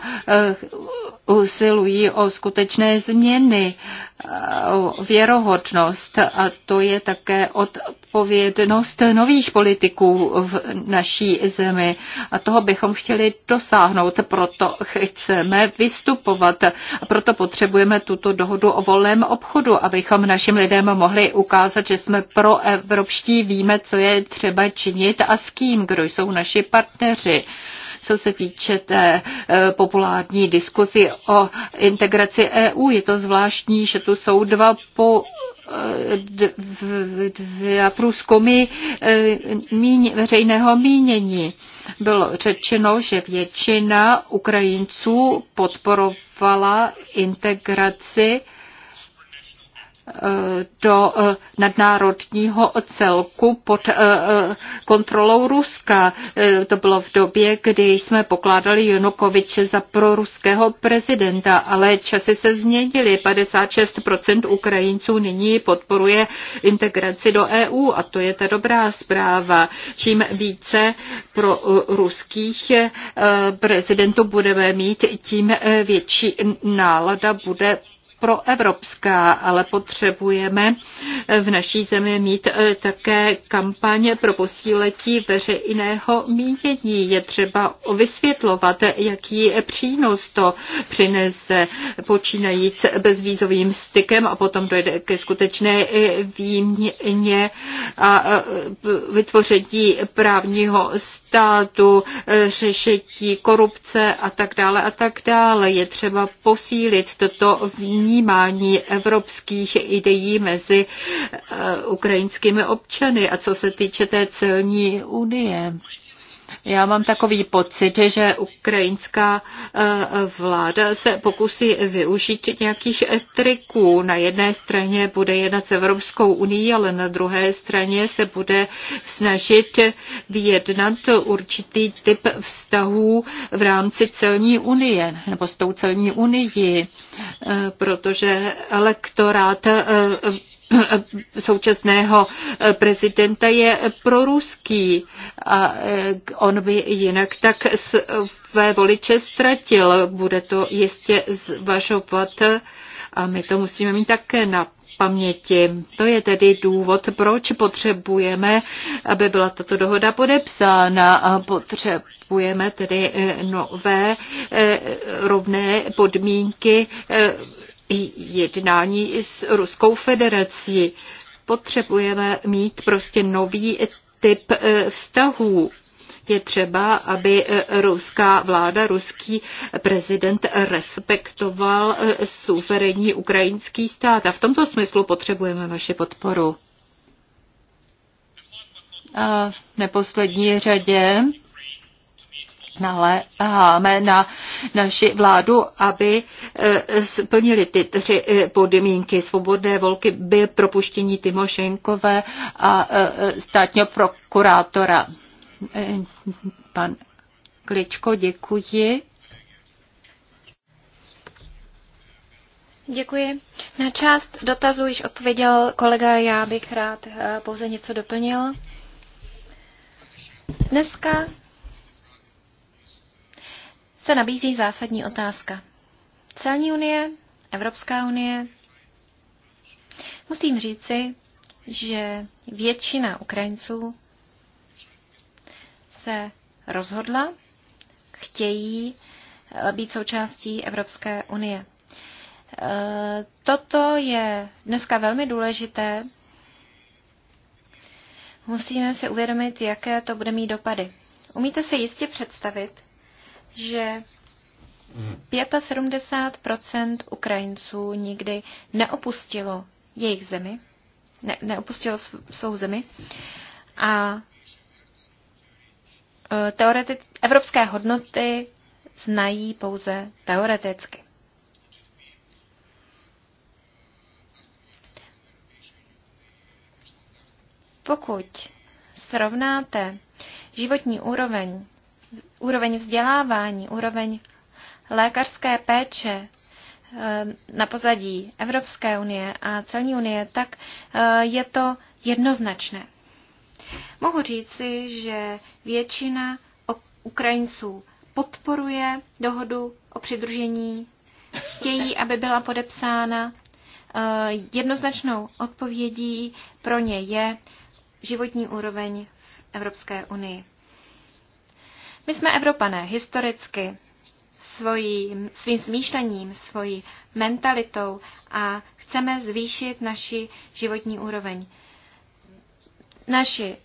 usilují o skutečné změny, o věrohodnost a to je také odpovědnost nových politiků v naší zemi. A toho bychom chtěli dosáhnout, proto chceme vystupovat a proto potřebujeme tuto dohodu o volném obchodu, abychom našim lidem mohli ukázat, že jsme proevropští, víme, co je třeba činit a s kým, kdo jsou naši partneři. Co se týče té e, populární diskuzi o integraci EU, je to zvláštní, že tu jsou dva po e, a průzkumy e, míň, veřejného mínění. Bylo řečeno, že většina Ukrajinců podporovala integraci do eh, nadnárodního celku pod eh, eh, kontrolou Ruska. To bylo v době, kdy jsme pokládali Janukoviče za proruského prezidenta, ale časy se změnily. 56% Ukrajinců nyní podporuje integraci do EU a to je ta dobrá zpráva. Čím více pro ruských prezidentů budeme mít, tím větší nálada bude proevropská, ale potřebujeme v naší zemi mít e, také kampaně pro posíletí veřejného mínění. Je třeba vysvětlovat, jaký přínos to přinese počínajíc bezvízovým stykem a potom dojde ke skutečné e, výměně a e, vytvoření právního státu, řešení korupce a tak dále a tak dále. Je třeba posílit toto vnímání vnímání evropských ideí mezi eh, ukrajinskými občany a co se týče té celní unie. Já mám takový pocit, že ukrajinská eh, vláda se pokusí využít nějakých eh, triků. Na jedné straně bude jednat s Evropskou unii, ale na druhé straně se bude snažit vyjednat určitý typ vztahů v rámci celní unie nebo s tou celní unii, eh, protože elektorát Eh, současného eh, prezidenta je proruský a eh, on by jinak tak své voliče ztratil. Bude to jistě zvažovat a my to musíme mít také na paměti. To je tedy důvod, proč potřebujeme, aby byla tato dohoda podepsána a potřebujeme tedy nové rovné podmínky jednání s Ruskou federací. Potřebujeme mít prostě nový typ e, vztahů. Je třeba, aby e, ruská vláda, ruský prezident respektoval e, suverénní ukrajinský stát. A v tomto smyslu potřebujeme vaši podporu. A v neposlední řadě naléháme na naši vládu, aby e, splnili ty tři e, podmínky svobodné volky, by propuštění Timošenkové a e, státního prokurátora. Pan Kličko, děkuji. Děkuji. Na část dotazu již odpověděl kolega, já bych rád pouze něco doplnil. Dneska se nabízí zásadní otázka. Celní unie, Evropská unie. Musím říci, že většina Ukrajinců se rozhodla, chtějí eh, být součástí Evropské unie. Eh, toto je dneska velmi důležité. Musíme si uvědomit, jaké to bude mít dopady. Umíte si jistě představit, že 75 Ukrajinců nikdy neopustilo jejich zemi, ne, neopustilo svou zemi a e, teoreti- evropské hodnoty znají pouze teoreticky. Pokud srovnáte životní úroveň úroveň vzdělávání, úroveň lékařské péče eh, na pozadí Evropské unie a celní unie, tak eh, je to jednoznačné. Mohu říci, že většina Ukrajinců podporuje dohodu o přidružení, chtějí, aby byla podepsána. Eh, jednoznačnou odpovědí pro ně je životní úroveň v Evropské unii. My jsme Evropané historicky svojí, svým smýšlením, svojí mentalitou a chceme zvýšit naši životní úroveň. Naši e,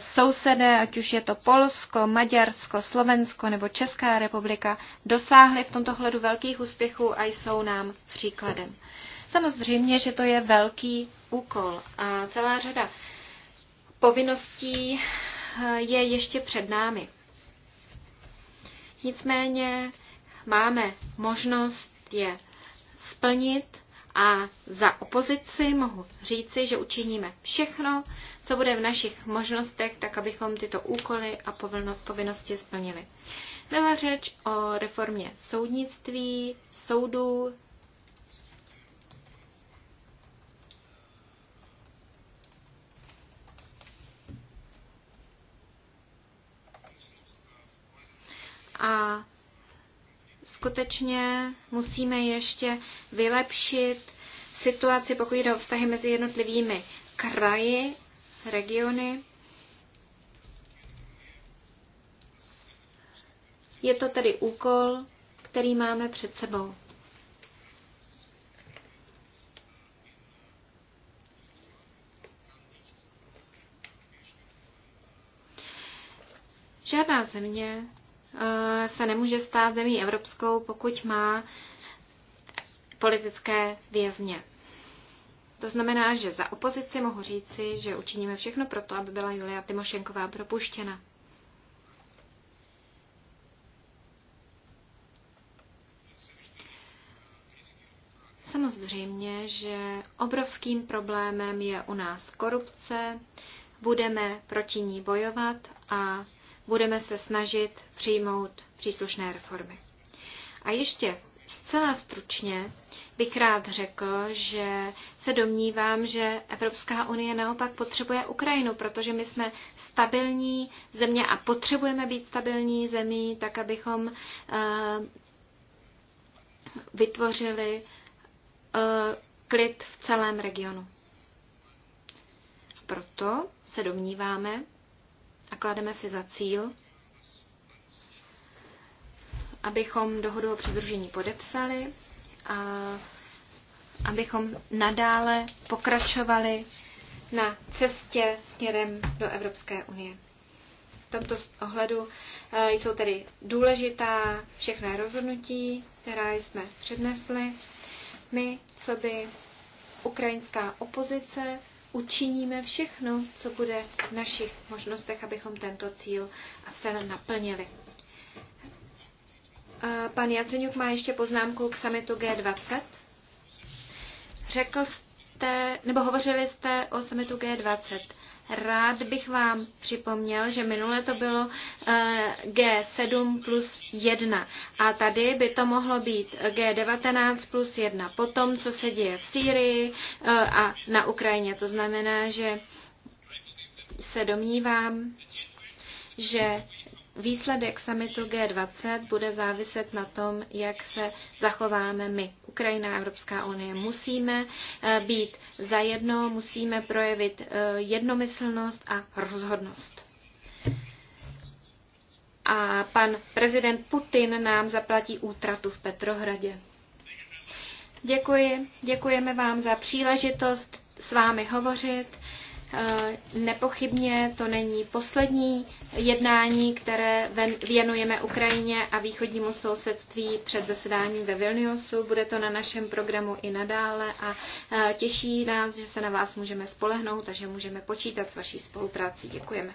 sousedé, ať už je to Polsko, Maďarsko, Slovensko nebo Česká republika, dosáhli v tomto hledu velkých úspěchů a jsou nám příkladem. Samozřejmě, že to je velký úkol a celá řada povinností eh, je ještě před námi. Nicméně máme možnost je splnit a za opozici mohu říci, že učiníme všechno, co bude v našich možnostech, tak abychom tyto úkoly a povinnosti splnili. Byla řeč o reformě soudnictví, soudů, a skutečně musíme ještě vylepšit situaci, pokud jde o vztahy mezi jednotlivými kraji, regiony. Je to tedy úkol, který máme před sebou. Žádná země se nemůže stát zemí evropskou, pokud má politické vězně. To znamená, že za opozici mohu říci, že učiníme všechno pro to, aby byla Julia Timošenková propuštěna. Samozřejmě, že obrovským problémem je u nás korupce, budeme proti ní bojovat a budeme se snažit přijmout příslušné reformy. A ještě zcela stručně bych rád řekl, že se domnívám, že Evropská unie naopak potřebuje Ukrajinu, protože my jsme stabilní země a potřebujeme být stabilní zemí, tak abychom uh, vytvořili uh, klid v celém regionu. Proto se domníváme, klademe si za cíl, abychom dohodu o přidružení podepsali a abychom nadále pokračovali na cestě směrem do Evropské unie. V tomto ohledu eh, jsou tedy důležitá všechna rozhodnutí, která jsme přednesli. My, co by ukrajinská opozice, učiníme všechno, co bude v našich možnostech, abychom tento cíl a sen naplnili. Pan Jaceňuk má ještě poznámku k samitu G20. Řekl jste, nebo hovořili jste o samitu G20. Rád bych vám připomněl, že minule to bylo eh, G7 plus 1 a tady by to mohlo být G19 plus 1 po tom, co se děje v Sýrii eh, a na Ukrajině. To znamená, že se domnívám, že Výsledek samitu G20 bude záviset na tom, jak se zachováme my. Ukrajina a Evropská unie musíme eh, být zajedno, musíme projevit eh, jednomyslnost a rozhodnost. A pan prezident Putin nám zaplatí útratu v Petrohradě. Děkuji, děkujeme vám za příležitost s vámi hovořit Eh, nepochybně to není poslední jednání, které věnujeme Ukrajině a východnímu sousedství před zasedáním ve Vilniusu. Bude to na našem programu i nadále a eh, těší nás, že se na vás můžeme spolehnout a že můžeme počítat s vaší spoluprácí. Děkujeme.